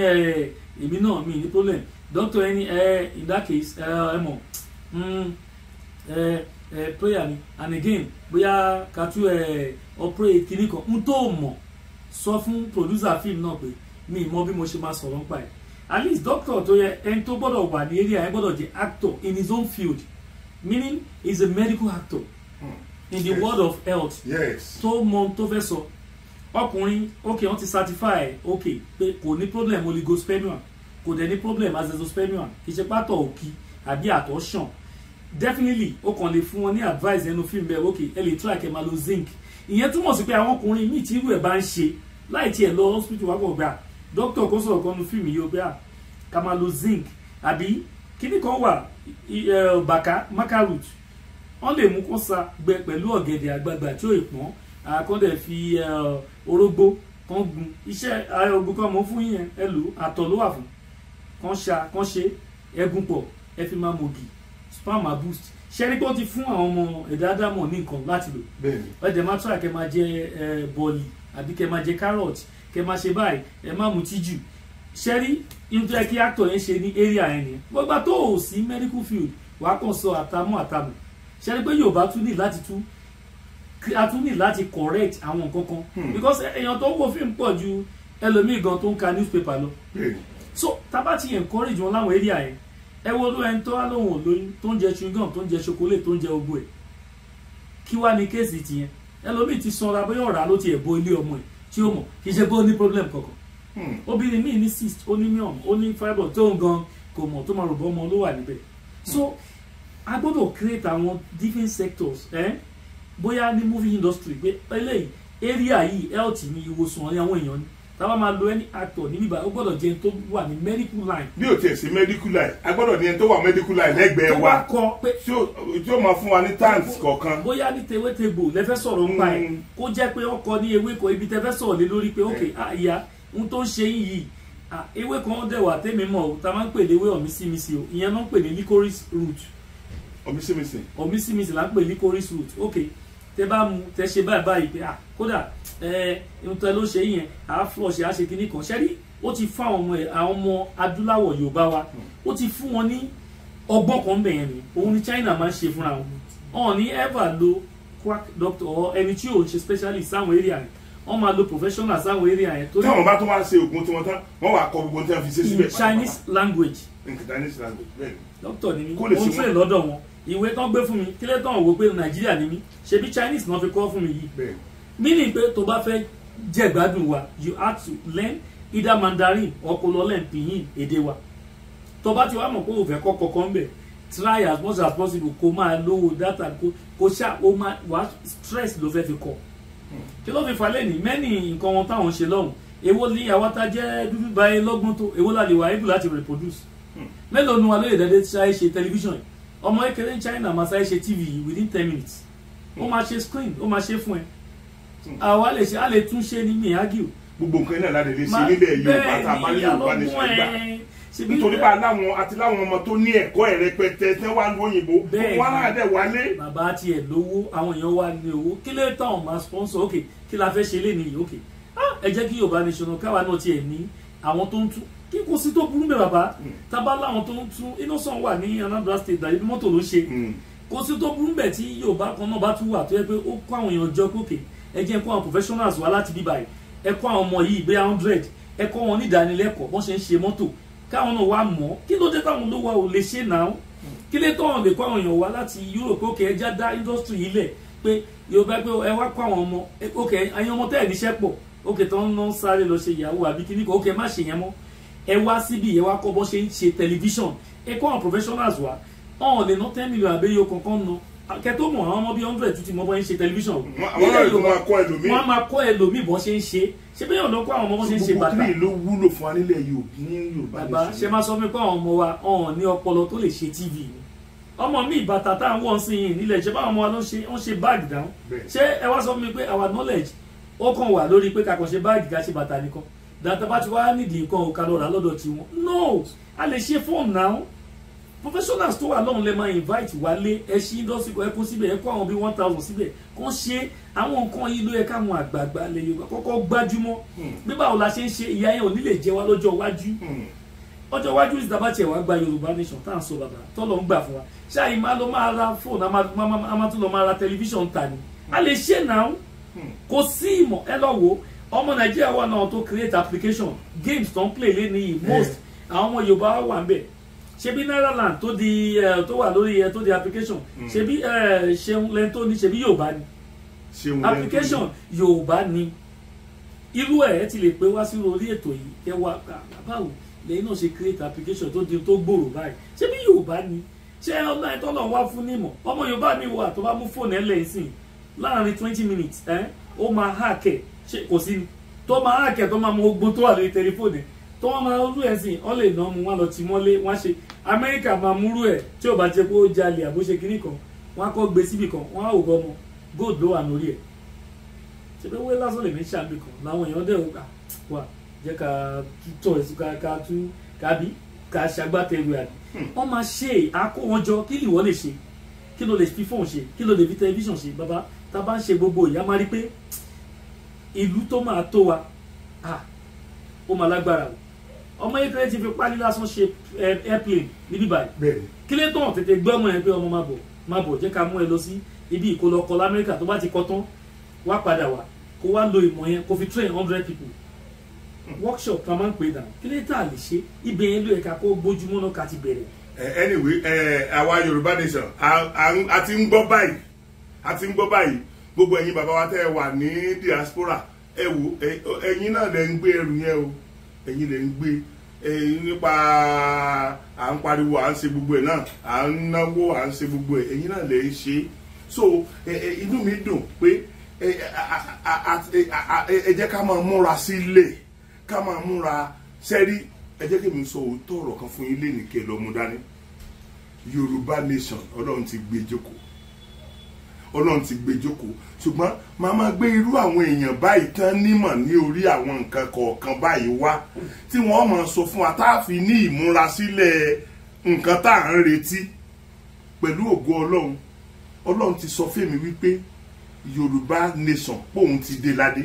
èmi náà mi ní problem dókítà ẹni ẹ in that case ẹ ẹ mọ̀ mm, ẹ ẹ prayer ni and again bóyá kàtú ẹ operate kínní kan n tó mọ̀ sọ fún producer film náà pé mi mọ bí mo ṣe máa sọ̀rọ̀ nípa ẹ̀ at least doctor to yẹ ẹni tó gbọ́dọ̀ wà ní area yẹn gbọ́dọ̀ jẹ́ actor in his own field meaning he is a medical actor in the yes. world of health yes. To mọ to fẹ́ sọ ọkùnrin ok wọ́n ti certify ok pé kò ní problem oligospermia kò dẹ̀ ní problem azezospermia kì í ṣe pátọ̀ òkì àbí àtọ̀ ṣàn definitely ó kàn lè fún wọn ní advice ẹnu fíìmù bẹ́ẹ̀ ok ẹ lè try kemalo zinc ìyẹn túmọ̀ sí pé àwọn ọkùnrin míì tí irú ẹ̀ bá ń ṣe láì tiẹ̀ lọ hospital wákọ̀ gbà Doctor kan sọ̀rọ̀ kan nu fíìmù yìí ó bẹ́ẹ̀ ká máa lo zinc àbí kíní kan wà bàkà macarot wọ́n lè mú kó sa gbẹ pẹ̀lú ọ̀gẹ̀dẹ̀ àgbagbà tí ó ìpọ́n àkọ́dẹ̀ fi orógbó kan gun iṣẹ́ ogun kan mọ́ fún yín ẹ àtọ̀ ló wà fún kan ṣa kan ṣe ẹgun pọ̀ ẹ fi máa mògì spam boost ṣẹ́ni pé ó ti fún àwọn ọmọ ẹ̀dá ádámọ̀ ní nǹkan láti lò ẹ̀dẹ̀ máa tún àkẹ́ máa jẹ bọ̀ọ̀lì àbí máa jẹ kárọ̀tì kẹ máa ṣe báyìí ẹ má mutí jù ṣẹ́rí nítorí kí actor yẹn ṣe ní area yẹn nìyẹn gbọ́gbà tó o sí medical field wà á kàn sọ àtàmú àtàmú ṣẹ́rí pé Yorùbá tún ní láti tún a tún ní láti correct àwọn nǹkan kan hmm. because èèyàn tó ń wo fíìmù pọ̀ ju ẹlòmíì gan tó ń ka newspaper lọ so tábà ti encourage wọn láwọn area yẹn ẹ wo ló ẹni tó wá lóhùn olóyún tó ń jẹ chewing-gum tó ń jẹ chocolate tó ń jẹ ogbó ẹ kí wá ní kéèsì tiyẹn ẹlòmíì ti sanra bóyá ọ̀rá ló ti ẹ̀ bo ilé ọmọ ẹ̀ tí ó mọ̀ kì í ṣe pé ó ní problem kankan hmm. obìnrin míì ní cyst ó ní miom ó ní fibro tó ń gan kò mọ̀ tó máa rò bọ́ ọmọ ló wà níbẹ̀ hmm. so a gbọ́dọ̀ create àwọn different sectors eh? bóyá ní movie industry pé eléyìí area yìí health ni ìwòsàn àwọn èèyàn ni táwa máa lo any actor ní bíbá ó gbọ́dọ̀ jẹ́ ẹni tó wà ní medical line. bí o tiẹ̀ sí medical line a gbọ́dọ̀ ní ẹni tó wà medical line lẹ́gbẹ̀ẹ́ wa tí ó máa fún wa ní tanks kọ̀ọ̀kan. bóyá ní tewétebò lẹ́fẹ́ sọ̀rọ̀ ń pa ẹ̀ hmm. kó jẹ́ pé ọkọ ní ewéko ibi tẹ́fẹ́ sọ̀rọ̀ lé lórí pé ókè àyà ń tó ń ṣe yìí ah, ewé kan dẹ̀ wà tẹ́mi mọ̀ o ta máa ń pè léwé ọ̀mísímísì o ìyẹn máa ń pè ní licorice root. licorice root okay tẹ bá mu tẹ ṣe báyìí báyìí pé ah kódà ẹ ntẹ ló ṣe yẹn àá flush àá ṣe kíní kan ṣẹ́rí ó ti fún àwọn ọmọ ẹ àwọn ọmọ adúláwọ̀ yorùbá wa ó ti fún wọn ní ọgbọ́n kan bẹ̀ ni òun ni china máa ń ṣe fúnra wọn ọ̀n ní ever lo quack doctor or ẹni tí ò ń ṣe specialist sáwọn area yẹn wọ́n máa lo professional sáwọn area yẹn. táwọn bá tó wá ṣe oògùn tiwọn tán wọ́n wàá kọ gbogbo tí wọ́n fi ṣe síbẹ̀. in chinese language. in chinese language bẹ́ẹ̀ ni. doctor ni mi ó ń tẹ̀ lọ́dọ̀ wọn ìwé tán gbé fún mi kílẹ̀ tán wò pé nàìjíríà ni mí ṣebí chinese náà fi kọ́ fún mi yìí meaning pé tó bá fẹ́ jẹ̀gbádùn wa you have to learn either mandarin or kó pinyin èdè wa tó bá ti wá mọ̀ pé o fẹ́ kọ́ kọ̀ọ̀kan bẹ̀ try as much as possible kó máa lówó data kó ṣá o máa wá stress ló fẹ́ fi kọ́ kí ló fi fà lẹ́nìí mẹ́nì nǹkan wọn táwọn ṣe lọ́hùn èwo ní àwátá jẹ́ dúdú báyé lọ́gbọ́n tó èwo lálẹ́ wà able láti reproduce hmm. mélòó nu wa lóye dẹ́dẹ́ ṣáà ṣe tẹlifíṣàn yìí ọmọ kékeré ní China máa sáré ṣe tv within ten minutes ó máa ṣe screen ó máa ṣe fún ẹ àwa lè ṣe a lè tún ṣe ní mi ágìl. gbogbo nǹkan náà láti lè ṣe nílẹ̀ Yorùbá tá a bá ní Yorùbá ní ṣùgbọ́n nítorí bá láwọn àti láwọn ọmọ tó ní ẹ̀kọ́ ẹ̀ rẹpẹtẹ tẹ́ wá lu òyìnbó wọn náà dẹ̀ wálé. bàbá àti ẹ̀ lówó àwọn èèyàn wá ní owó kí lè tán ọ̀ma sponsor ok kí la fẹ́ ṣe lé nìyí ok ah, ẹ jẹ́ kí Yorùbá Nation káwa náà tiẹ̀ ní àwọn tó ń tún kí kò sí tó burú bẹ́ẹ̀ bàbá mm. tábà láwọn tó ń tún innocent wà ní Anambra state dàbí mọ́tò ló ṣe mm. kò sí tó burú bẹ́ẹ̀ tí Yorùbá kan náà bá tún wà tó yẹ pé ó kó àwọn èèyàn jọ kókè ẹ jẹ́ kó àwọn professionals wá láti bí báyìí ẹ kó àwọn ọmọ yìí bẹ́ẹ̀ hundred ẹ kó wọn ní ìdánilẹ́kọ̀ọ́ bọ́n ṣe ń ṣe mọ́tò káwọn náà wá mọ̀ kí ló dé táwọn olówó ò lè ṣe náà kí lè tọ́ àwọn lè kó àwọn èèyàn wá láti industry yìí lẹ̀ pé Yorùbá pé ẹ wá kó àwọn ọmọ ókè ẹyin ọmọ tẹ́ẹ̀ níṣẹ́ pọ̀ ókè tó ń ẹ wá síbi ẹ wá kọ́ bó ṣe ń ṣe tẹlifíṣàn ẹ kọ́ àwọn professionals wá ọ̀n lè ná ten million àbẹ́yẹ kankan nu kẹtó mọ̀ àwọn ọmọ bíi hundred tuntun mọ́ bọ́ ń ṣe tẹlifíṣàn. àwọn náà ló máa kọ́ ẹlòmíì. wọ́n á máa kọ́ ẹlòmíì bọ́ ṣe ń ṣe ṣé bẹ́ẹ̀ ọ̀dọ́ kọ́ àwọn ọmọ bọ́ ṣe ń ṣe bàtà. gbogbo kí ló wúlò fún wa nílẹ̀ Yorùbá. bàbá ṣe máa sọ mi pé àwọn ọmọ wa ọ̀n ní ọpọlọ tó lè ṣe TV ni ọmọ mi bàtà tá à ń wọ̀n sí yìí nílẹ̀ ṣe báwọn ọmọ wa ló ń ṣe báàgì dáhùn our knowledge ó kàn wà lórí pé kakàn ṣe báàgì That the bachelor wá nídìí nǹkan ò ká lọ rà lọ́dọ̀ tiwọn no a lè ṣe fóònù náà professionals tó wà lọ́hùn lè máa invite wálé ẹ ṣí industry ẹ kó síbẹ̀ ẹ kó àwọn bíi one thousand síbẹ̀ kàn ṣe àwọn nǹkan yìí ló yẹ káwọn àgbààgbà lè yorùbá kọ́kọ́ gbájúmọ́ hmm. bí báwo la ṣe ń ṣe ìyá yẹn ò ní lè jẹ wá lọ́jọ́ iwájú hmm. ọjọ́ iwájú ìsìtàbàtì ẹ̀wà gba yorùbá nation tá à ń sọ bàbá tọ́lọ̀ ń gbà fún wa ṣáàyè máa lọ máa ra fóònù a máa tún lọ máa ra tẹlifíṣàn ta ni a lè ṣe náà hmm. kò sí ìmọ̀ ẹ lọ wò ó ọmọ nàìjíríà wà náà tó create application games tó ń play lé ní most eh. àwọn ọmọ yorùbá wà ń bẹ̀ ṣebí land tó di eh, tó wà lórí eh, tó di application hmm. ṣebí ṣeun lẹ́ńtó ni ṣebí yorùbá ni application yorùbá ni irú ẹ̀ ti lè pé wá sí orí ètò yìí ẹ wá báwo lẹ́yìn náà ṣe create application tó di tó gbòòrò báyìí ṣebí yorùbá ni ṣé ọmọ ẹ̀ tọ́lọ̀ wá fún nímọ̀ ọmọ yorùbá mi wà tó bá mú fóònù ẹ̀ lẹ́yìn sìn láàrin twenty minutes ó máa hákẹ́ ṣé kò sí tó máa àkẹ́ tó máa mọ ogbó tó wà lórí tẹlifóònù tó wọ́n máa rú ẹ̀ sìn ọ́n lè ná mu wọ́n lọ ti mọ́lé wọ́n ṣe amẹ́ríkà máa múrú ẹ̀ tí ò bá jẹ́ pé ó jalè àbó ṣe kinní kan wọ́n á kọ́ gbé síbì kan wọ́n á wò bọ́ ọmọ gold ló wà lórí ẹ̀ ṣe pé wọ́n lásán lè mí ṣàbí kan làwọn èèyàn dẹ̀ wà ah, wà jẹ́ ká tọ̀ ẹ̀sùn ká ká tú ká bí ká àbí hmm. wọ́n máa ṣe àkó wọn jọ kí lìwọ́ lè ṣe kí ló lè fi fóònù ṣe kí ló lè fi tẹlifíṣàn ṣe bàbá tá a bá ń ṣe gbogbo ìyá máa rí pé ìlú tó máa tó wa ó máa lágbára o ọmọ yìí kẹ́lẹ́ ti fi pálí lásán ṣe airplane níbí báyìí Clinton tètè gbé ọmọ yẹn pé ọmọ máa bọ̀ máa bọ̀ jẹ́ ká mú ẹ lọ sí ibi ìkólọkọ lamẹ́ríkà tó bá ti kọ́ tán wá padà wá kó wá lo ìmọ̀ yẹn kó fi train hundred people workshop kan máa ń pè dàn kí lè tà lè ṣe ibẹ̀ yẹn ló yẹ kó gbójúmọ́ náà ká ti bẹ̀rẹ̀. anyway àwa yorùbá nation a ti ń gbọ́ báyìí a ti ń gbọ́ báyìí gbogbo ẹ̀yin bàbá wa tẹ́ wà ní diaspora ẹ wò ẹ̀yin náà lẹ ń gbé ẹrù yẹn o ẹ̀yin lẹ ń gbé nípa à ń pariwo à ń ṣe gbogbo ẹ̀ náà à ń náwó à ń ṣe gbogbo ẹ̀ ẹ̀yin náà lẹ ń ṣe so inú mi dùn pé ẹ jẹ́ ká máa múra sílé ká máa múra sẹ́rí ẹ jẹ́ kí mi sọ òótọ́ ọ̀rọ̀ kan fún yín lé nìkẹ́ lọ́mú dání Yorùbá nation ọlọ́run ti gbé e jókòó ọlọ́run ti gbé jókòó ṣùgbọ́n màá máa gbé irú àwọn èèyàn báyìí tán nímọ̀ ní orí àwọn nǹkan kọ̀ọ̀kan báyìí wá tí wọ́n máa sọ fún wa tá a fi ní ìmúrasílẹ̀ nǹkan tá à ń retí pẹ̀lú ògo ọlọ́run ọlọ́run ti sọ fèmí wípé yorùbá nation póun ti dé ládé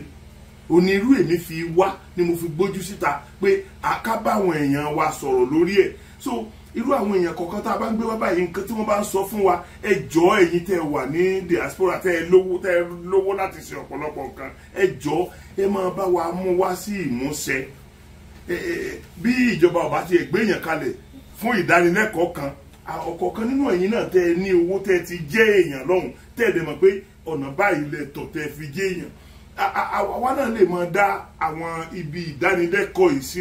onírú èmi fi wá ni mo fi gbójú síta pé akábàwọn èèyàn wa sọ̀rọ̀ lórí ẹ̀ so irú àwọn èèyàn kọ̀ọ̀kan tá a bá ń gbé wá báyìí nǹkan tí wọ́n bá ń sọ fún wa ẹ jọ̀ọ́ ẹ̀yin tẹ́ ẹ wà ní diaspora tẹ́ ẹ lówó tẹ́ ẹ lówó láti ṣe ọ̀pọ̀lọpọ̀ nǹkan ẹ jọ̀ọ́ ẹ máa bá wa mú wá sí ìmúṣẹ bí ìjọba ọba ti gbé èèyàn kalẹ̀ fún ìdánilẹ́kọ̀ọ́ kan ọ̀kọ̀ọ̀kan nínú ẹ̀yin náà tẹ́ ẹ ní owó tẹ́ ẹ ti jẹ́ èèyàn lọ́hùn tẹ́ ẹ dẹ̀ mọ̀ pé ọ̀nà báyìí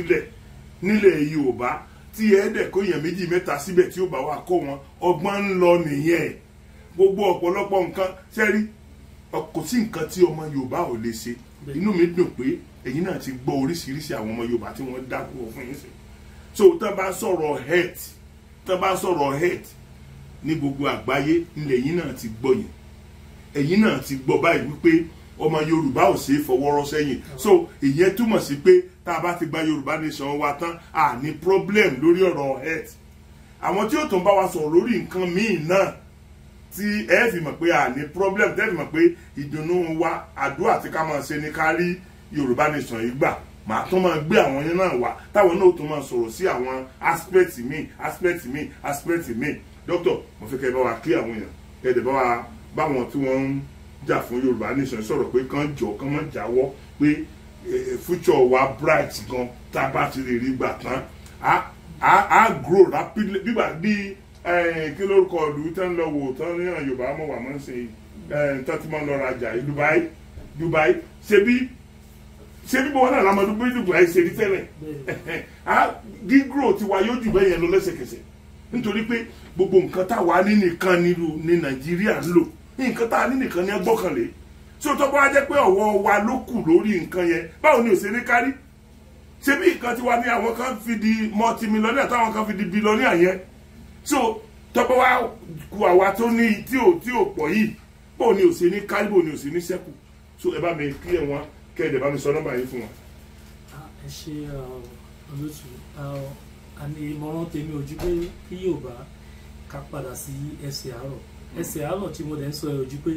lẹ nílẹ̀ Yorùbá tí ẹ dẹ̀ kó èèyàn méjì mẹ́ta síbẹ̀ tí ó bá wà kó wọn ọgbọ́n ń lọ nìyẹn gbogbo ọ̀pọ̀lọpọ̀ nǹkan sẹ́rí kò sí nǹkan tí ọmọ Yorùbá ò lè ṣe inú mi dùn pé ẹ̀yin náà ti gbọ́ oríṣiríṣi àwọn ọmọ Yorùbá tí wọ́n dákúrò fún yín sí so tán bá sọ̀rọ̀ health tán bá sọ̀rọ̀ health ní gbogbo àgbáyé ilẹ̀ yín náà ti gbọ́ yẹn ẹ̀yin náà ti gbọ́ báyìí wípé ọmọ Yorùbá ò ṣeé fọwọ́rọ́ sẹ́yìn so ìyẹn túmọ̀ sí pé tá a bá ti gba yorùbá nation wa tán a ní problem lórí ọ̀rọ̀ health àwọn tí ó tún bá wa sọ̀rọ̀ lórí nǹkan míì náà tí ẹ fi mọ̀ pé a ní problem tẹ́ fi mọ̀ pé ìdùnnú wa àdúrà tí ká máa ṣe ní ká rí yorùbá nation yìí gbà màá tún máa gbé àwọn yẹn náà wá táwọn náà tún máa sọ̀rọ̀ sí àwọn aspect míì aspect míì aspect míì doctor mo fẹ́ kẹ́ bá wa clear àwọn èèyàn kẹ́ dẹ̀ bá wa báwọn tí wọ́n ń jà fún yorùbá nation sọ̀rọ̀ pé kán jọ kán má jáwọ́ pé Eh, eh, future wa bright gan tá a bá ti lè rí gbà tán a grow rapidly bíbá bí eh, kí lórúkọ ìlú tán lọ wò tán ní àwọn Yorùbá mọ̀ wà mọ́ ṣe tán ti máa ń lọ rajà Dubai Dubai ṣebí ṣebí bọ́wọ́ náà lamọ́dún bí Dubai ṣe rí tẹ́lẹ̀ gígrò tiwa yóò jù bẹ́ẹ̀ yẹn lọ lẹ́sẹ̀kẹsẹ̀ nítorí pé gbogbo nǹkan táwa ní nìkan ní Nàìjíríà ń lò nǹkan táwa ní nìkan ní ẹgbọ́kànlé tí o tó bá jẹ́ pé ọ̀wọ́ wa ló kù lórí nǹkan yẹn báwo ni ò ṣe ní kárí ṣé bí nǹkan tiwa ni àwọn kan fi di multimillionaire táwọn kan fi di billionaire yẹn so tọ́pọ̀ wa ku àwa tó ní tí ò tí ò pọ̀ yìí báwo ni ò ṣe ní kárí báwo ni ò ṣe ní sẹ́kù so ẹ bá mi kí ẹ̀ wọ́n kẹ́ ẹ̀ dẹ̀ bá mi sọ nọ́mbà yìí fún wọn. ẹ ṣe olóṣù àní ìmọ̀ràn tèmi ò pé kí Yorùbá ká padà sí ẹsẹ̀ àárọ̀ ẹsẹ̀ àárọ̀ tí mo dẹ̀ ń sọ ẹ̀ ò pé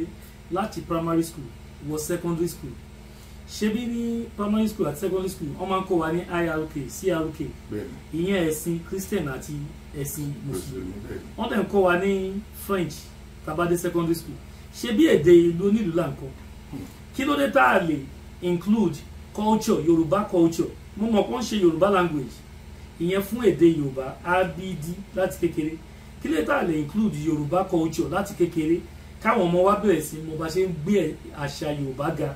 láti primary school wọ secondary school ṣebí ní primary school àti secondary school wọ́n máa ń kọ́ wa ní IRK CRK ìyẹn ẹ̀sìn Christian àti ẹ̀sìn mùsùlùmí wọ́n tẹ̀ ń kọ́ wa ní French tabade secondary school ṣebí èdè ìlú onílùú là ń kọ́ hmm. kí ló dé tá a lè include culture Yorùbá culture mo mọ̀ kó ń ṣe Yorùbá language ìyẹn fún èdè Yorùbá abd láti kékeré kí ló dé tá a lè include Yorùbá culture láti kékeré káwọn ọmọ wa bẹ̀rẹ̀ sí mo bá ṣe ń gbé àṣà yorùbá ga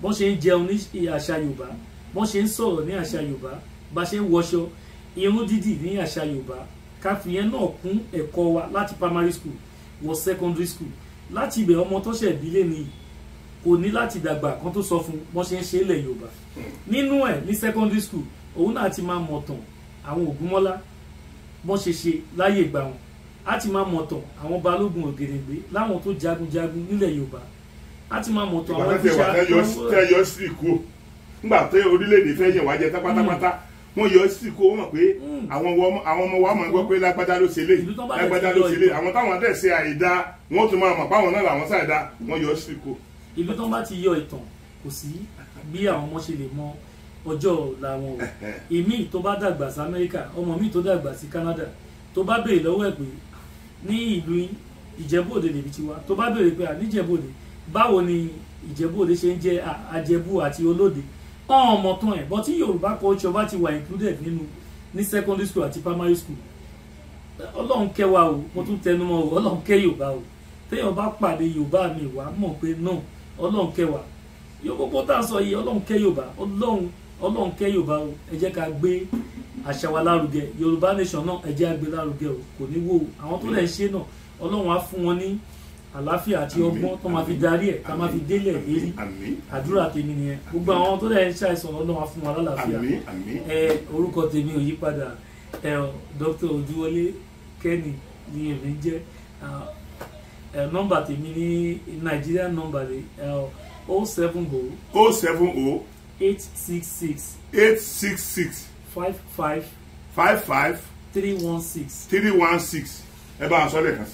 bọ́n ṣe ń jẹun ní àṣà yorùbá bọ́n ṣe ń sọ̀rọ̀ ní àṣà yorùbá bá ṣe ń wọṣọ irun dídì ní àṣà yorùbá ká fi yẹn náà kún ẹ̀kọ́ wa láti primary school wọ secondary school láti ibẹ̀ ọmọ tó ṣẹ̀ bí lé nìyí kò ní láti dàgbà kan tó sọ fún bọ́n ṣe ń ṣe ilẹ̀ yorùbá nínú ẹ̀ ní secondary school òun náà ti máa mọ̀ tàn àwọn ògúnmọ́lá bọ́n ṣe ṣe láyè gbà wọn a ti máa mọ̀tàn àwọn balógun ògèrègbè láwọn tó jagunjagun nílẹ̀ yorùbá a ti máa mọ̀tàn àwọn ìṣe àtúntò tẹ yọ sí ìkó nígbà tẹ orílẹ̀-èdè fẹ́ yẹ̀ wá jẹ pátápátá hmm. wọ́n yọ sí ìkó wọn pé hmm. àwọn ọmọ wa máa gbọ́ pé lágbádá ló ṣe lé lágbádá ló ṣe lé àwọn táwọn dẹ̀ ṣe àìda wọ́n tún máa mọ̀ páwọn náà làwọn ṣàìda wọ́n yọ sí ìkó. ìlú tó ń bá ti yọ ìtàn kò sí bí àwọn ọmọ ṣe lè mọ ọjọ́ làwọn o ìmíì tó bá dàgbà sí amẹ́ríkà ọmọ míì tó dàgbà sí canada tó bá béèrè lọ́wọ́ ẹ̀ pé ní ìlú ìjẹ́bòde lèbi ti wá tó bá béèrè pé àníjẹ́bòde báwo ni ìjẹ́bòde ṣe ń jẹ́ àjẹbù àti olóde ọ̀n ọmọ tán ẹ̀ bọ́tí yorùbá culture bá ti wà included nínú ní secondary school àti primary school ọlọ́run kẹwàá o mo tún tẹnu mọ́ o ọlọ́run kẹ yorùbá o téèyàn bá pàdé yorùbá mi wá mọ̀ pé náà ọlọ́run kẹwàá yóò gbogbo tá a sọ yìí ọlọ́run kẹ yorùbá ọlọ́run kẹ yorùbá o ẹ jẹ́ ká gbé àṣà wa lárugẹ yorùbá nation náà ẹ jẹ́ á gbé lárugẹ o kò ní wó o àwọn tó lè ṣe náà ọlọ́run á fún wọn ní àlàáfíà àti ọgbọ́n tó máa fi darí ẹ̀ ká máa fi délẹ̀ lérí àdúrà tèmi nìyẹn gbogbo àwọn tó lè ṣàìsàn ọlọ́run á fún wọn lálàáfíà ẹ orúkọ tèmi ò yí padà ẹ dr ojúwọlé kẹ́ni ni èmi jẹ́ nọ́mbà tèmi ní nàìjíríà nọ́mbà rẹ̀ o oh seven o oh o oh seven o eight six six eight six six five five. five five. three one six. three one six ẹ bá a o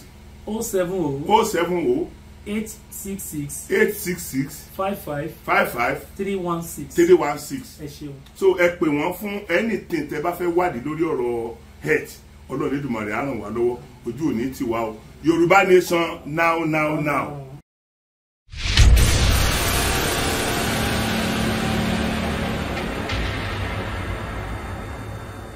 oh seven o. Oh o oh seven o. eight six six. eight six six. five five. five five. three one six. three one six. ẹ ṣeun. so ẹ pè wọ́n fún anything tẹ bá fẹ́ wádìí lórí ọ̀rọ̀ health ọlọ́run Èdùmàrè á ràn wá lọ́wọ́ ojú òní tiwa o yorùbá nation now now now. now.